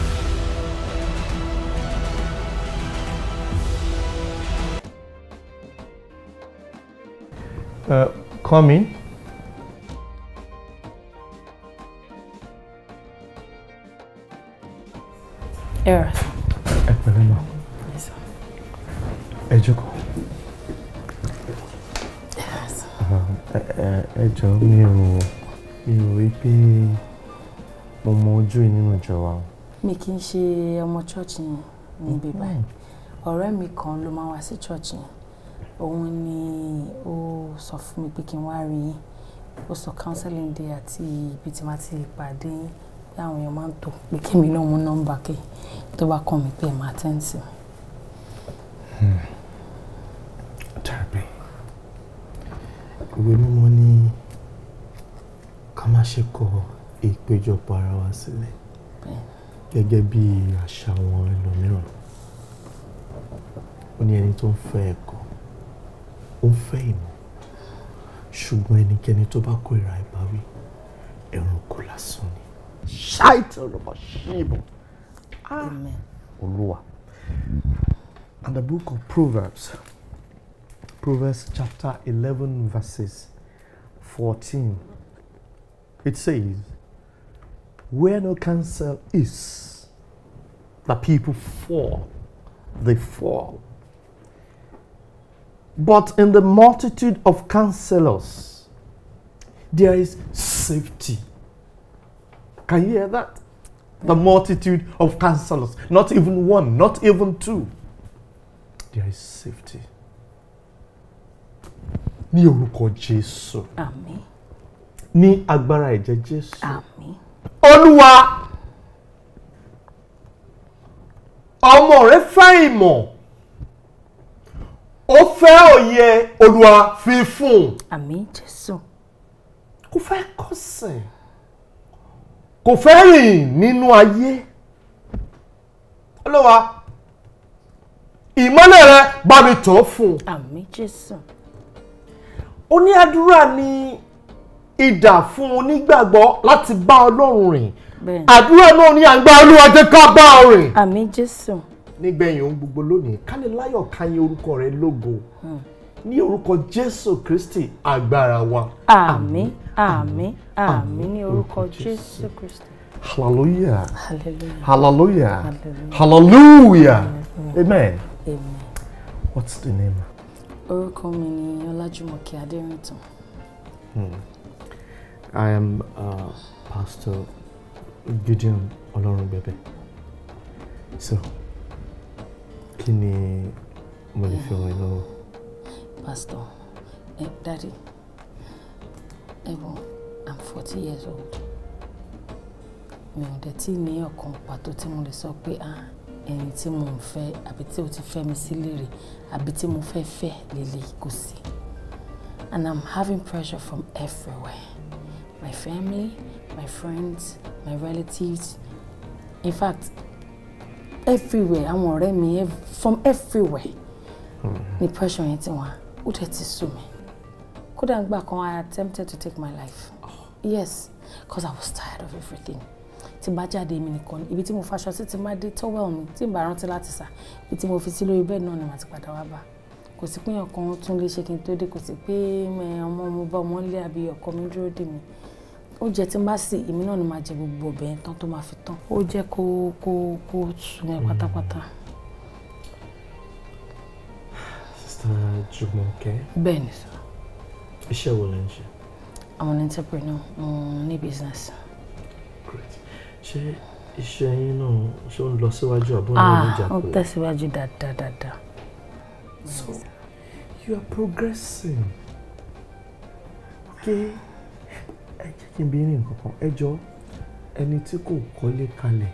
Uh, come ẹ jókòó ẹ jọ̀ọ́ mi ò mi ò rí pé mo mọ ojú yìí nínú ìjọ wa. mi kì í ṣe ọmọ ṣọ́ọ̀ṣì yẹn ní bíbá yìí mm-hmm. ọ̀rẹ́ mi kan ló máa ń wá sí ṣọ́ọ̀ṣì yẹn òun ni ó sọ fún mi counseling day àti ibi tí màá ti pàdé yín pé àwọn èèyàn máa ń tò pé kí mi náà mú nọ́mbà kí tó bá kàn mí pé màá tẹ́ǹsì Jàre, ìwé mímọ́ ní ká má ṣe kọ ìpéjọpọ̀ ara wa sílẹ̀ gẹ́gẹ́ bí àṣà àwọn ẹlòmíràn. Ó ní ẹni tó ń fẹ́ ẹ̀kọ́, ó ń fẹ́ ìmọ̀, ṣùgbọ́n ẹnikẹ́ni tó bá kórìíra ìbáwí, ẹranko lásán ni. Ṣáìtì ọ̀rọ̀ ṣíbò. Ah, Amen. Olúwa. And the book of Proverbs. Proverbs chapter 11, verses 14. It says, Where no counsel is, the people fall. They fall. But in the multitude of counselors, there is safety. Can you hear that? The multitude of counselors. Not even one, not even two. There is safety. ní orúkọ Jésù. Àmín. Ní agbára ẹ̀jẹ̀ Jésù. Àmín. Olúwa ọmọ rẹ fẹ́ ìmọ̀ ó fẹ́ òye Olúwa fi fún un. Àmín Jésù. Kò fẹ́ kọsẹ̀ kò fẹ́ rìn nínú ayé Olúwa ìmọ́lẹ̀ rẹ bá mi tọ́ fún oníàdúrà ni idà fún onígbàgbọ́ láti bá ọlọ́run rìn àdúrà náà ni à ń gba olúwa jẹ́ ká bá ọ rìn. àmín jésù. nígbẹ̀yìn ohun gbogbo lónìí ká lè láyọ̀ ká yìn orúkọ rẹ lógo hmm. ní orúkọ jésù kristi agbára wa. àmín àmín àmín ní orúkọ jésù kristi. hallelujah hallelujah hallelujah amen. amen. what's the name. Orúkọ mi ni Ọlájùmọ̀kẹ́ Adérìntàn. Hmm. I am uh, Pastor Gideon Ọlọ́rungbẹ̀bẹ̀. So, kí ni mo lè fi ràn lọ́wọ́? Pastor, eh, Daddy, ẹ̀wọ̀n, I'm forty years old. Mi ò dẹ̀ tí ní ọ̀kan pàtó tí mo lè sọ pé ah ẹni tí mò ń fẹ́ àbí tí o ti fẹ́ mi sílé rẹ̀ àbí tí mo fẹ́ fẹ́ lélẹ̀ kò sí and I'm having pressure from everywhere my family my friends my relatives in fact everywhere àwọn ọ̀rẹ́ mi from everywhere ni pressure yẹn ti wà ó dẹ̀ ti sú mi kódà ń gbà kan I attempted to take my life oh. yes because I was tired of everything tí n bá jáde èmi nìkan ni ibi tí mo faṣọ sí ti má dé tọ́wọ́ mi tí n bá rántí láti sà ibi tí mo fi sí lórí bẹ́ẹ̀ náà ni màá ti padà wá bá kò sí pé ọkàn tún lè ṣe kí n tó dé kò sí pé ọmọ mo bá ọmọ ńlẹ àbí ọkọ mi dúró dè mí oúnjẹ tí n bá sè èmi náà ni màá jẹ gbogbo ọbẹ̀ yẹn tán tó máa fi tán ó jẹ́ kó kó kó sùn yẹn pátápátá. sista Jùmọ̀kẹ́. bẹ́ẹ̀ ni sọ. iṣẹ́ wo lẹ ń ṣe. I'm an entrepreneur mo ní business. great ṣé iṣẹ́ yín náà ṣó ń lọ síwájú àbọ̀ ah, ní ìjà pé. ó tẹ̀síwájú dáadáa dáadáa. so you are progressing. ké ẹ jẹ́ kí n bí ní nǹkan kan ẹ jọ ẹni tí kò kọ́lé kalẹ̀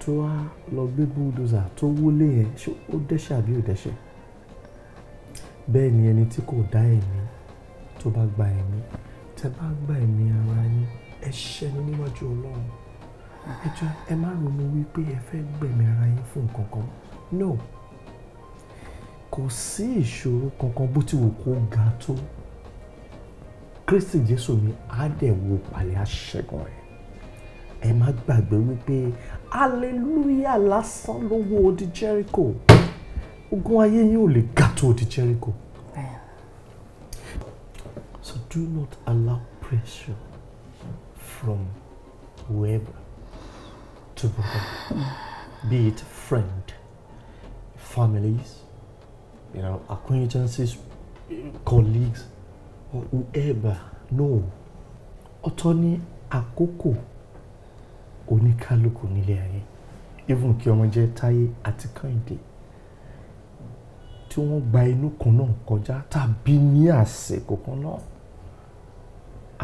tó wá lọ gbé búldoza tó wọlé yẹn ṣé ó dẹ́ṣẹ̀ àbí ò dẹ́ṣẹ̀ bẹ́ẹ̀ ni ẹni tí kò dá ẹ̀mí tó bá gba ẹ̀mí tẹ́ bá gba ẹ̀mí ara yín ẹ̀ṣẹ̀ ni níwájú Ọlọ́run ẹ ẹ má ronú wípé ẹ fẹ́ gbẹ̀mí ara yín fún nǹkan kan no kò sí ìṣòro kankan bó ti wù kó ga tó Kristi Jésù ni á dẹ̀ wò palẹ̀ àṣẹgun rẹ̀ ẹ má gbàgbé wípé aleluya lásán ló odi Jericho ogun ayé yín ò lè ga tó odi Jericho so do not allow pressure from whoever to be it friend, families, you know, acquaintances, colleagues, or whoever. No. Ọ̀tọ̀ akoko. àkókò oníkálukú nílé Even kí ọmọ jẹ́ Táyé àti Kẹ́hìndé tí wọ́n gba inú kan náà kọjá tàbí ní àsìkò kan náà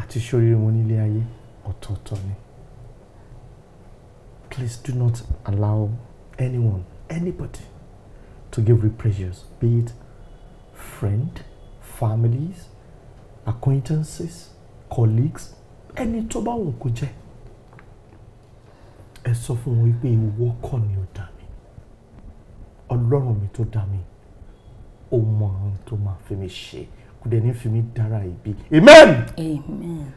àti ṣoríire wọn nílé ayé ọ̀tọ̀ọ̀tọ̀ ni please do not allow anyone, anybody, to give repressions, be it friend, families, acquaintances, colleagues, Any toba bá wọn kò jẹ́. Ẹ sọ fún wọn wípé ìwọ kọ́ ni ó dá mi. Ọlọ́run mi tó dá mi, ó mọ ohun tó fi mi ṣe, kò dẹ̀ ní fi mi dára ibi. Amen. Amen.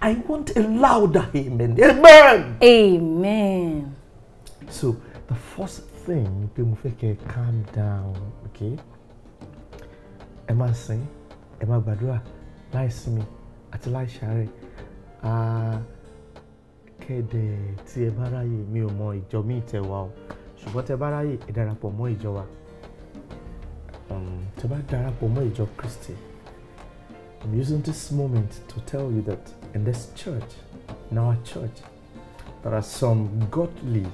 I want a louder amen. Amen. Amen. So the first thing, pé mo fẹ́ kẹ́ calm down, okay? Ẹ máa sìn, ẹ máa gbàdúrà láì sinmi àti láì ṣàárẹ̀. Kéde tí ẹ bá ráyè mi ò mọ ìjọ mi tẹ wa o. Ṣùgbọ́n tẹ bá ráyè ẹ darapọ̀ mọ́ ìjọ wa. Um, tẹ bá darapọ̀ mọ́ ìjọ Kristi. I'm using this moment to tell you that in this church, in our church, there are some godly,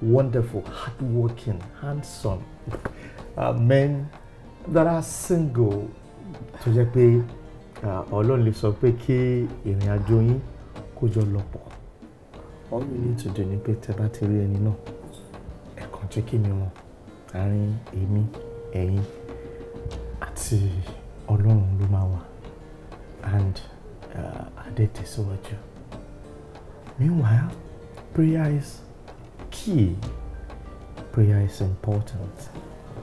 wonderful, hardworking, handsome uh, men that are single tó jẹ́ pé uh, Ọlọ́run lè sọ pé kí ìrìn àjò yín kó jọ lọ pọ̀ all you need to do ni pe tẹ bá ti rí ẹni náà ẹ̀kan jẹ́ kí mi mọ̀ àárín èmi ẹ̀yin àti ọlọ́run ló máa wà and uh, adé tẹ̀síwájú meanwhile prayer is key prayer is important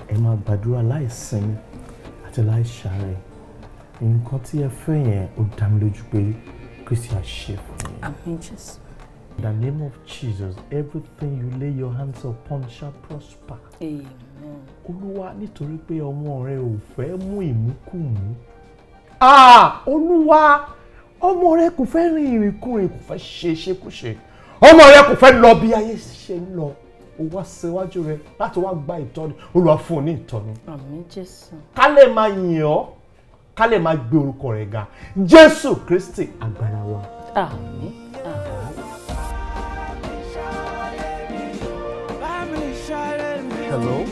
ẹ máa gbàdúrà láì sinmi àti láì ṣàárẹ̀ nǹkan tí ẹ fẹ́ yẹn ó dá mi lójú pé Kristi á ṣe fún mi. In the name of Jesus, everything you lay your hands upon shall prosper. Amen. Olúwa nítorí pé ọmọ rẹ ò fẹ́ mú ìmúkùmú. Ah! Olúwa ọmọ rẹ kò fẹ́ rin ìrìnkúrìn kò fẹ́ ṣe ṣekúṣe. Ọmọ rẹ kò fẹ́ lọ bí ayé ṣe ń lọ. O wá síwájú rẹ láti wá gba ìtọ́ni. Olúwa fún un ní ìtọ́ni. Àmín Jésù. Ká lè máa yìn ọ́, ká lè máa gbé orúkọ rẹ̀ ga. Jésù Kristi àgbàlá wa. Àmín. Hello?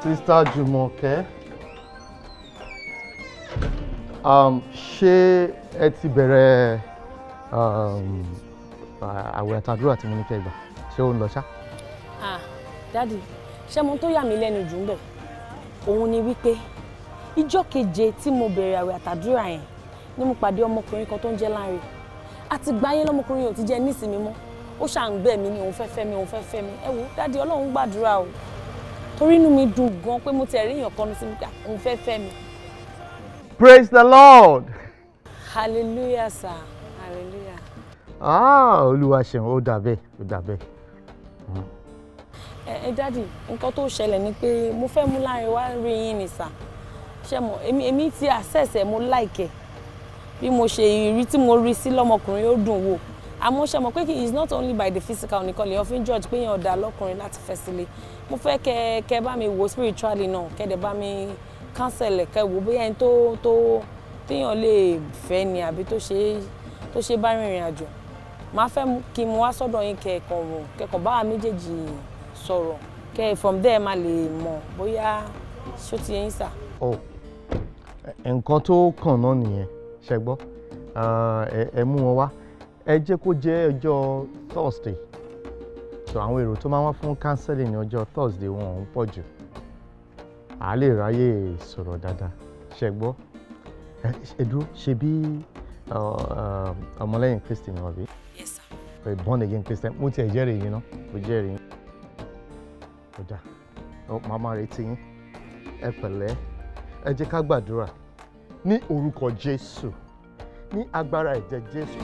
Sister Jumoke, um, ṣé ẹ ti bẹ̀rẹ̀ um, àwẹ̀ àtàdúrà tí mo ní kẹ́ gbà ṣé ó ń lọ ṣá. ah dadi ṣé mo tó yà mí lẹ́nu jù ń bẹ̀ òun ni wípé ìjọ́ keje tí mo bẹ̀rẹ̀ àwẹ̀ àtàdúrà yẹn ni mo pàdé ọmọkùnrin kan tó ń jẹ́ Lánre àtìgbà yẹn lọmọkùnrin yẹn ò ti jẹ́ nísìmí mọ́ ó ṣà ń bẹ̀ ni òun fẹ́ fẹ́ mi òun fẹ́ fẹ́ mi ẹ wò dáàdi ọlọ́run gbàdúrà o torí inú mi dùn gan pé mo ti rí èèyàn kan sí mi pé ah, òun fẹ́ fẹ́ mi. praise the lord. hallelujah sir hallelujah. ah olúwa ṣeun ó dà bẹ́ẹ̀ ó dà bẹ́ẹ̀. Hmm. ẹ ẹ dáàdi nǹkan tó ṣẹlẹ̀ ni pé mo fẹ́ mú láàrin wá rí yín ni sà ṣe mọ̀ èmi èmi ti àṣẹ̀ṣẹ̀ mo láìkẹ̀ bí mo ṣe rí tí mo rí sí lọ́mọkùnrin ó dùn wò àmọ́ ṣe mọ̀ pé kì is not only by the physical nìkan lè ọ̀fin judge pé yẹn ọ̀dà lọ́kùnrin láti fẹ́ sílé mo fẹ́ kẹ́ kẹ́ bá mi wo spiritually náà kẹ́ dẹ̀ bá mi cancel ẹ̀ kẹ́ wo bóyá ẹni tó tó téèyàn lè fẹ́ ni àbí tó ṣe tó ṣe bá rìnrìn àjò màá fẹ́ kí mo wá sọ́dọ̀ yín kẹ́ẹ̀kan wò kẹ́ẹ̀kan báwa méjèèjì sọ̀rọ̀ kẹ́ from there máa lè mọ̀ bóyá ṣó ti yẹn sà. nǹkan oh, tó kàn náà nìyẹn ṣẹgbọ́ ah, ẹ mú wọn wá ẹ jẹ́ kó jẹ́ ọjọ́ thursday so àwọn èrò tó máa wá fún counseling ní ọjọ́ thursday wọn ò ń pọ̀ jù à lè ráyè sọ̀rọ̀ dáadáa ṣe gbọ́ ẹ dúró ṣe bí ọmọlẹ́yìn kristi ni wọ́n bí yes sir a born again christian mo tiẹ̀ jẹ́rìí yín ná mo jẹ́rìí yín kò dáa màmá retí yín ẹ pẹ̀lẹ́ ẹ jẹ́ ká gbàdúrà ní orúkọ jésù ní agbára ẹ̀jẹ̀ jésù.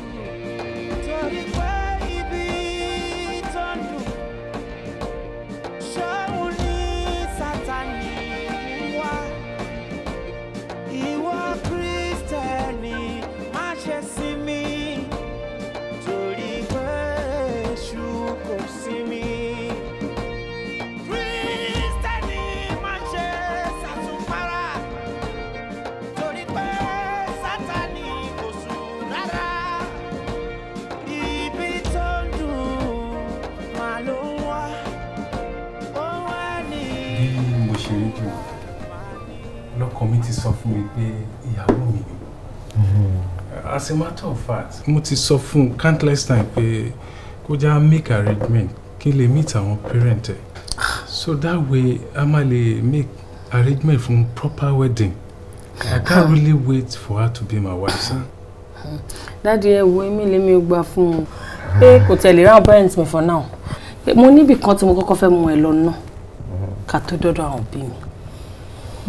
pé ìyàwó mi ni as a matter of fact mo ti sọ fún countless times pé kó já make arrangement kí n lè meet àwọn parent ẹ so that way a máa lè make arrangement fún proper wedding i can't really wait for her to be my wife sir. dáàdi ẹ wo èmi lèmi ò gbà fún un pé kò tẹ̀lé round parents mi for now mo níbì kan tí mo kọ́kọ́ fẹ́ mú ẹ lọ náà ká tó dọ́dọ̀ àwọn òbí mi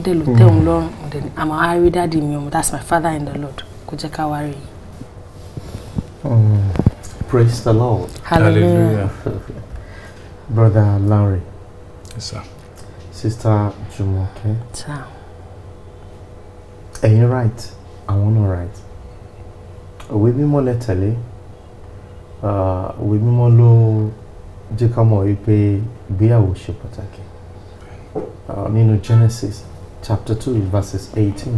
dé ló tẹ̀ ń lọ́rùn then àmọ́ á rí dáàdi mi that's my father in the Lord kò jẹ́ ká oh, praise the Lord. hallelujah. hallelujah. brother Larry. yes sir. sister Jumoke. sir. ẹ̀yin right àwọn náà right òwe mímọ́ lẹ tẹ̀lé ah, òwe mímọ́ ló jẹ́ ká mọ̀ wípé ìgbéyàwó ṣe pàtàkì ah, nínú Genesis chapter two verses eighteen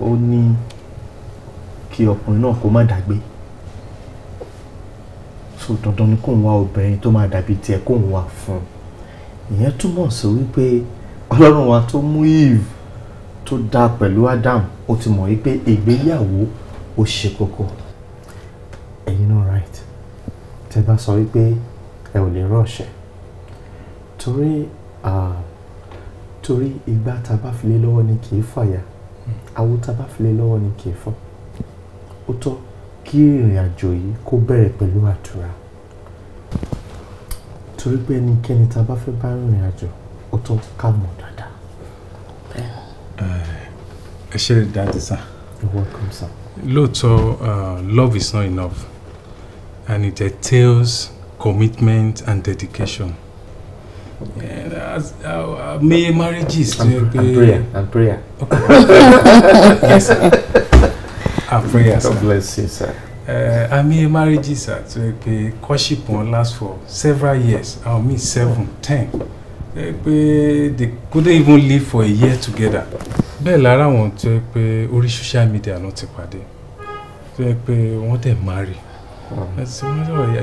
ó ní kí ọkùnrin náà kó má dàgbé so dandan ni kóun wá obìnrin tó máa dàbí tiẹ̀ kóun wá fún un ìyẹn túmọ̀ sí wípé ọlọ́run wa tó mú Eve tó dáa pẹ̀lú Adam ó ti mọ̀ wípé ìgbéyàwó ó ṣe kókó ẹ̀yin náà right tẹ́ bá sọ wípé ẹ ò lè rọ̀ṣẹ̀ torí. Uh, torí ìgbà tá a bá filé lọ́wọ́ ni kì í fàyà àwo hmm. tá a bá filé lọ́wọ́ ni kì í fọ́ ó tọ́ kí ìrìn àjò yìí kó bẹ̀rẹ̀ pẹ̀lú àdúrà torí pé ẹnikẹ́ni tá a bá fẹ́ bá rìnrìn àjò ó tọ́ ká mọ̀ dáadáa. ẹ ṣe é dáadé sá. you're welcome sir. lóòótọ́ uh, love is not enough and it entails commitment and dedication. Okay. Yeah, that's our, marriages. And, and prayer. And prayer. Okay. yes, sir. And prayer, God sir. bless you, sir. Uh, I mean marriages sir, to so, pe courtship won last for several years. I mean seven, ten. Uh, they couldn't even live for a year together. But Lara want tó yẹ pé orí social media náà ti pàdé. Tó yẹ pé wọ́n marry àti wọn sọ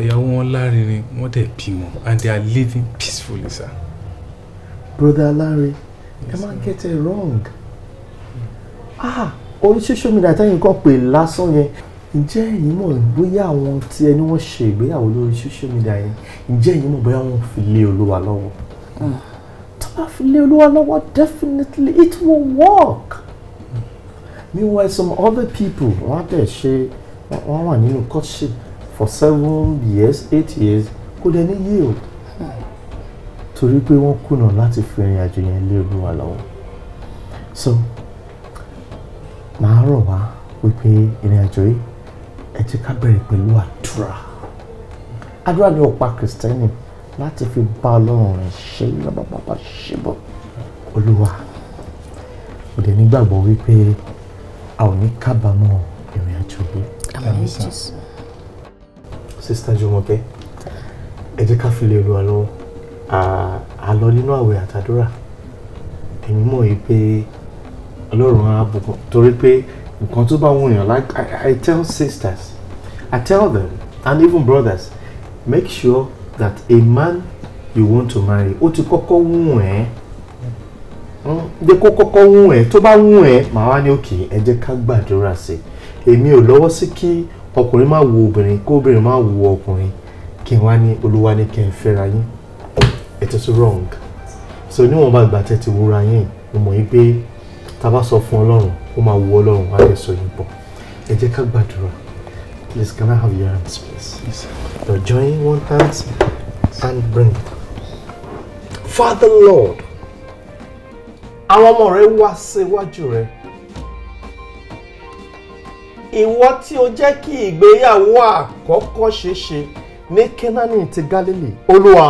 ìyàwó wọn lárinrin wọn dẹ̀ bímọ and they are living peacefully sir. brother Larry, ẹ máa get it wrong ah orí social media tẹ́yìn kan pè lásán yẹn ǹjẹ́ ẹ̀yin mọ̀ bóyá àwọn tí ẹni wọ́n ṣe ìgbéyàwó lórí social media yẹn ǹjẹ́ ẹ̀yin mọ̀ bóyá wọ́n fi lé olúwa lọ́wọ́ hmm. tó bá fi lé olúwa lọ́wọ́ definitely it will work hmm. meanwhile some other people wọ́n á dẹ̀ ṣe wọ́n wà nínú courtship for seven years eight years kò dẹ̀ ní yé o torí pé wọ́n kùnà láti fi ìrìn àjò yẹn lé olúwa lọ́wọ́ so màá rọ̀ wá wípé ìrìn àjò yìí ẹ jẹ́ ká bẹ̀rẹ̀ pẹ̀lú àdúrà àdúrà ni ọ̀pá kìrìsìtẹ́nì láti fi bá ọlọ́run rẹ̀ ṣe lábàbàbà ṣe bọ̀ olúwa kò dẹ̀ nígbàgbọ́ wípé a ò ní kábàámọ̀ ìrìn àjò yìí. àmín jésù sista Jùmọ̀kẹ́ ẹ jẹ́ ká fi lè lu àlọ́ àlọ́ nínú àwẹ̀ àtàdúrà èmi mọ̀ yìí pé ọlọ́run á bùkún torí pé nǹkan tó bá wùn like I, I tell sisters I tell them and even brothers make sure that a man you want to marry ó ti kọ́kọ́ wùn ẹ́ hmm, de kó kọ́kọ́ wùn ẹ́ tó bá wùn ẹ́ màá wá ní òkè ẹ jẹ́ ká gbàdúrà sí i èmi ò lọ́wọ́ sí kí ọkùnrin máa wo obìnrin kó obìnrin máa wo ọkùnrin kí n wá ní olúwa ní kí n fẹ́ra yín it is wrong so níwọ̀n bá gbà tẹ́tí wúra yín mo mọ̀ yín pé tá bá sọ fún ọlọ́run ó máa wo ọlọ́run á lè sọ yín pọ̀ ẹ jẹ́ ká gbàdúrà please can I have your hands please yes. join one hand and bring Father Lord àwọn ọmọ rẹ wá síwájú rẹ ìwọ tí o jẹ́ kí ìgbéyàwó àkọ́kọ́ ṣeéṣe ní Kẹ́nánì ti Gálílì olúwa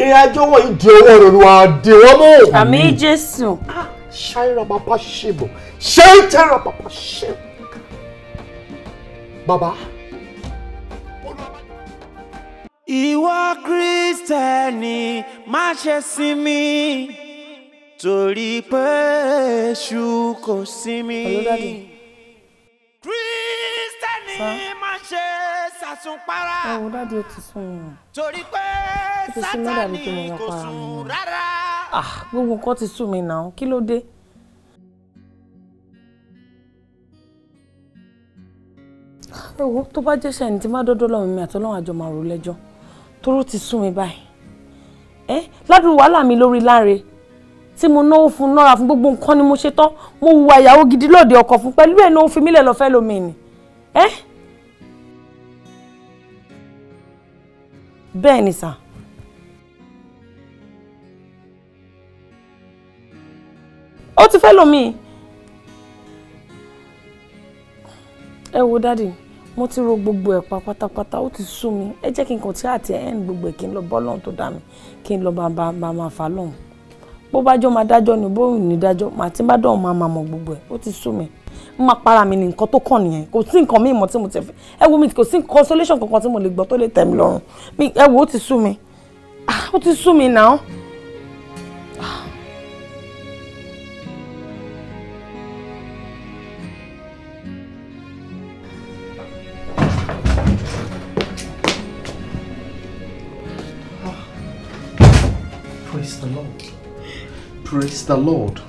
ìrìn àjò wọn yìí di ọwọ́ rẹ̀ olúwa di wọ́n mú. àmín Jésù. Ah, ṣáírà bàbá ṣèbò ṣáírà bàbá ṣèbò bàbá. ìwọ Kristẹni má ṣe sinmi torí pé èṣù kò sinmi ní má ṣe ṣàtúnpara. ẹ̀wọ̀n dáàdi ó ti sún mi. torí pé sátani kò sùn rárá. Ah, gbogbo nǹkan ti sún mi náà kí ló dé. ẹ̀wọ̀n ah, tó bá jẹ́ sẹ́yìn tí má dọ́dọ́ lọ́wọ́ mi àtọ́lọ́wọ́ àjọ máa rò lẹ́jọ́ toró ti sún mi báyìí. ẹ ládùúgbò wàhálà mi lórí láre tí mo náwó fún náírà fún gbogbo nǹkan ni mo ṣe tán mo hùwà ìyàwó gidi lóde ọkọ fún pẹ̀lú ẹ̀ náà ó fi mílẹ̀ lọ́fẹ́ lómi ni ẹ́ bẹ́ẹ̀ ni sà. ó ti fẹ́ lómi ẹ wo dádì mo ti ro gbogbo ẹ̀ pa pátápátá ó ti sú mi ẹ jẹ́ kí n kàn tí àti ẹ̀ ń gbogbo ẹ̀ kí n lọ bọ́ lọ́hùn tó dá mi kí n lọ bàbá màmá fà lọ́hùn bó bá jọ́ máa dájọ́ ni bóun ní dájọ́ màtí bá dọ̀hùn máa máa mọ̀ gbogbo ẹ̀ ó ti sú mi n para mi ní nǹkan tó kàn nìyẹn kò sí nǹkan míì mọ tí mo ti fẹ́ ẹ wo mi kò sí consolation kankan tí mo lè gbọ́ tó lè tẹ́ mi ẹ wo ó ti sú mi ah, ó ti sú mi náà. Ah. Praise the Lord. Praise the Lord.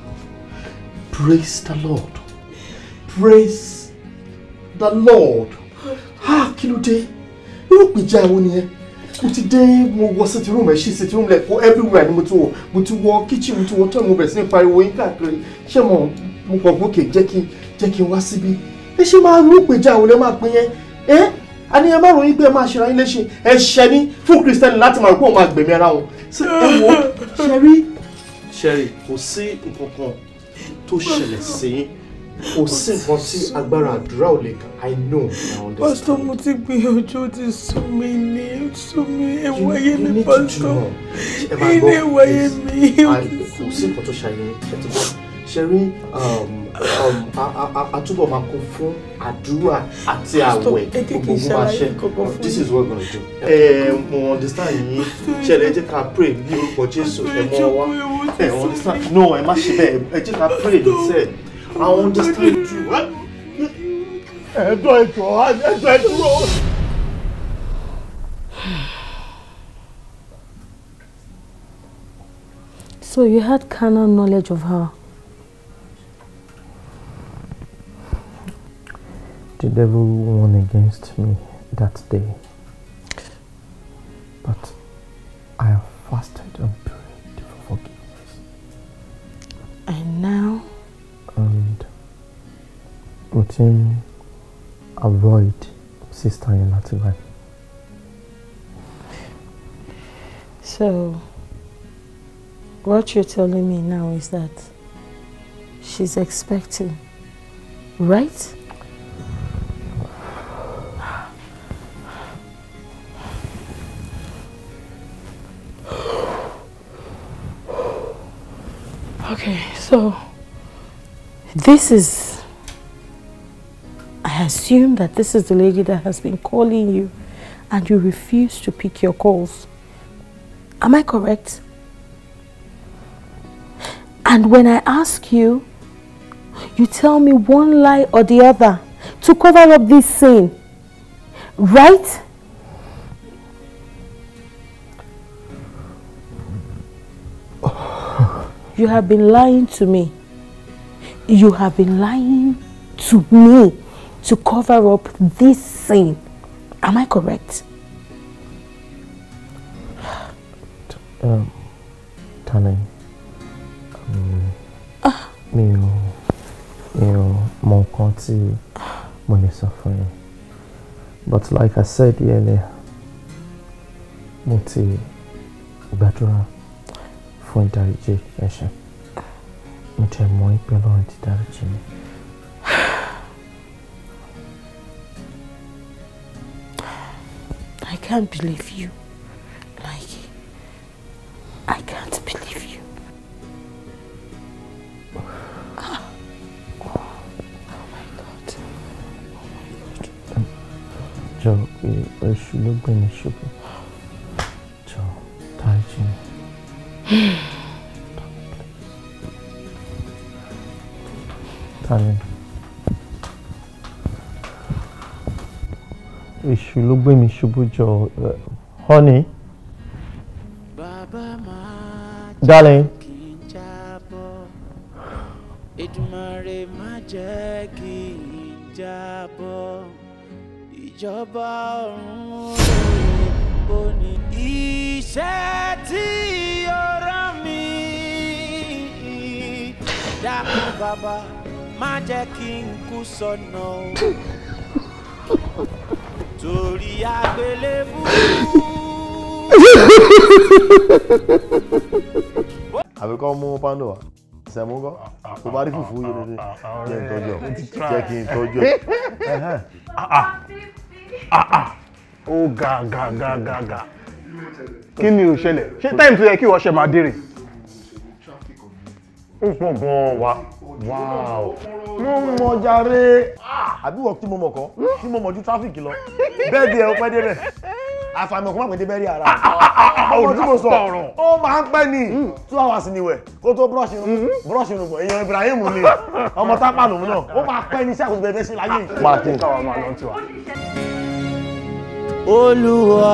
Praise the Lord praise the Lord. Ah, kí ló dé? Irú ìpèjà ìwọ nìyẹn. Mo ti dé mo wọ sitting room ẹ̀ ṣí sitting room lẹ̀kọ́ everywhere ni mo ti wọ̀. Mo ti wọ kitchen mo ti wọ tọ́ mo bẹ̀rẹ̀ sí ní pariwo yín káàkiri. Ṣé mo mo kàn gbókè jẹ́ kí jẹ́ kí n wá síbí? Ẹ ṣe máa rú ìpèjà ìwọ lẹ máa pín yẹn. Ẹ́ a ní ẹ má ròyìn pé ẹ máa ṣe ara yín léṣe ẹ̀ṣẹ̀ ni fún Kristẹni láti máa rò pé òun máa gbẹ̀mí ara wọn. Ṣé ẹ wo ṣẹ́rí? Ṣẹ́rí kò sí nǹkan kan tó ṣẹlẹ̀ sí yín kò sí nǹkan tí agbára àdúrà ò lè kàn i know i understand. pásítọ̀ mo ti gbìyànjú ó ti sún mi ní sún mi ẹ̀wọ̀ ayé mi pásítọ̀ ilé ẹ̀wọ̀ ayé mi. kò sí nǹkan tó ṣàyẹn ṣètìlẹ́ ṣe rí àtúbọ̀ um, um, máa kún fún àdúrà àti àwẹ̀ gbogbo máa ṣe this is what we're gonna do. ẹ mo understand yín ṣẹlẹ̀ ẹ jẹ́ ká pray ní orúkọ Jésù ẹ mọ wa ẹ understand no ẹ má ṣe bẹ́ẹ̀ ẹ jẹ́ ká pray ní sẹ́ẹ̀. I understand you. Ẹ̀dọ́ ẹ̀dọ́ ẹ̀dọ́ ẹ̀dúró. So you had carnal knowledge of her? The devil won against me that day. But I have fasted and prayed for forgiveness. And now o avoid sister law to go. So what you're telling me now is that she's expecting, right? Okay, so this is I assume that this is the lady that has been calling you and you refuse to pick your calls. Am I correct? And when I ask you, you tell me one lie or the other to cover up this sin. Right? You have been lying to me. You have been lying to me to cover up this sin. Am I correct? Um, Tani, um, uh, mo nnkan mo But like I said earlier, mo ti gbàdúrà fún ìdáríjì ẹ̀ṣẹ̀. Mo jẹ́ ìpẹ́ can't believe you. Like, I can't believe you. Oh. my God. Oh my God. Joe, I should have been the sugar. Joe, tie Jimmy. Tie oṣù ló gbé mi ṣubú jọ honey darling Èdùmàrè má jẹ́ kí n jábọ́ ìjọba ọ̀run ò ní. iṣẹ́ tí o mi dákun bàbá má jẹ́ kí n kú sọnà o. sórí àgbélébú. àbíkọ́ mú pando wa sẹ̀múgọ́ tó bá rí fùfú yé dédé jẹ́ ìtọ́jú ọ̀ jẹ́ kí n tọ́jú ọ̀. ó ga ga ga ga ga kí ni ò ṣẹlẹ̀ ṣé táìmù tó yẹ kí ìwọ ṣe máa dé rè. ó pọ̀ gan-an wa wáò mo mọ jàre àbí wọ́n tí mo mọ̀ kọ́ tí mo mọ̀ ju tráfíkì lọ bẹ́ẹ̀ di ẹ̀ ó pẹ́ débẹ̀ àfàmì ọ̀kọ́ màpẹ́ débẹ̀ rí ara ọmọ tí mo sọ ó máa ń pẹ́ ní two hours niwẹ̀ kó tó brush irun mm-hmm. brush irun bọ̀ èèyàn Ibrahim ni ọmọ tápà lòun náà ó máa pẹ́ ní iṣẹ́ àkóso bẹ̀rẹ̀ ṣe láyé yìí. máa tẹ̀ káwa máa lọ tiwa. Olúwa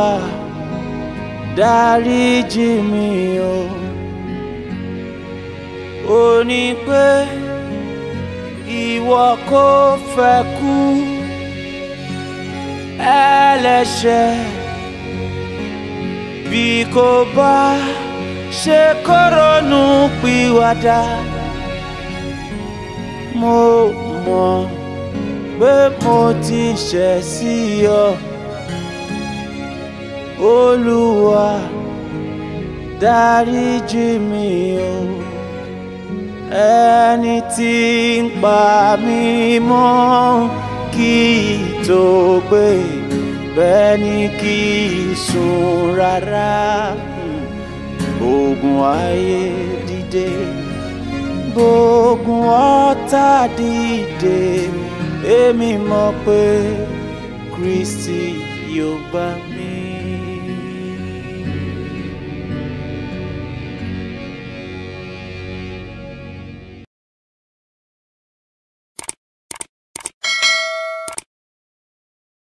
dáríjì mi o ò ní pẹ́ ìwọ kò fẹ́ kú ẹlẹ́ṣẹ̀ bí kò bá ṣe kó ronú pìwàdà mo mọ̀ pé mo ti ṣẹ̀ sí ọ Olúwa dáríjì mi o. Oh. Anything tí mi pa mí mọ́ kí tó gbé bẹ́ẹ̀ ni kì í sùn rárá ogun ayé dìde gbógun ọ̀tá dìde èmi mọ̀ pé Kristi yóò bá mi.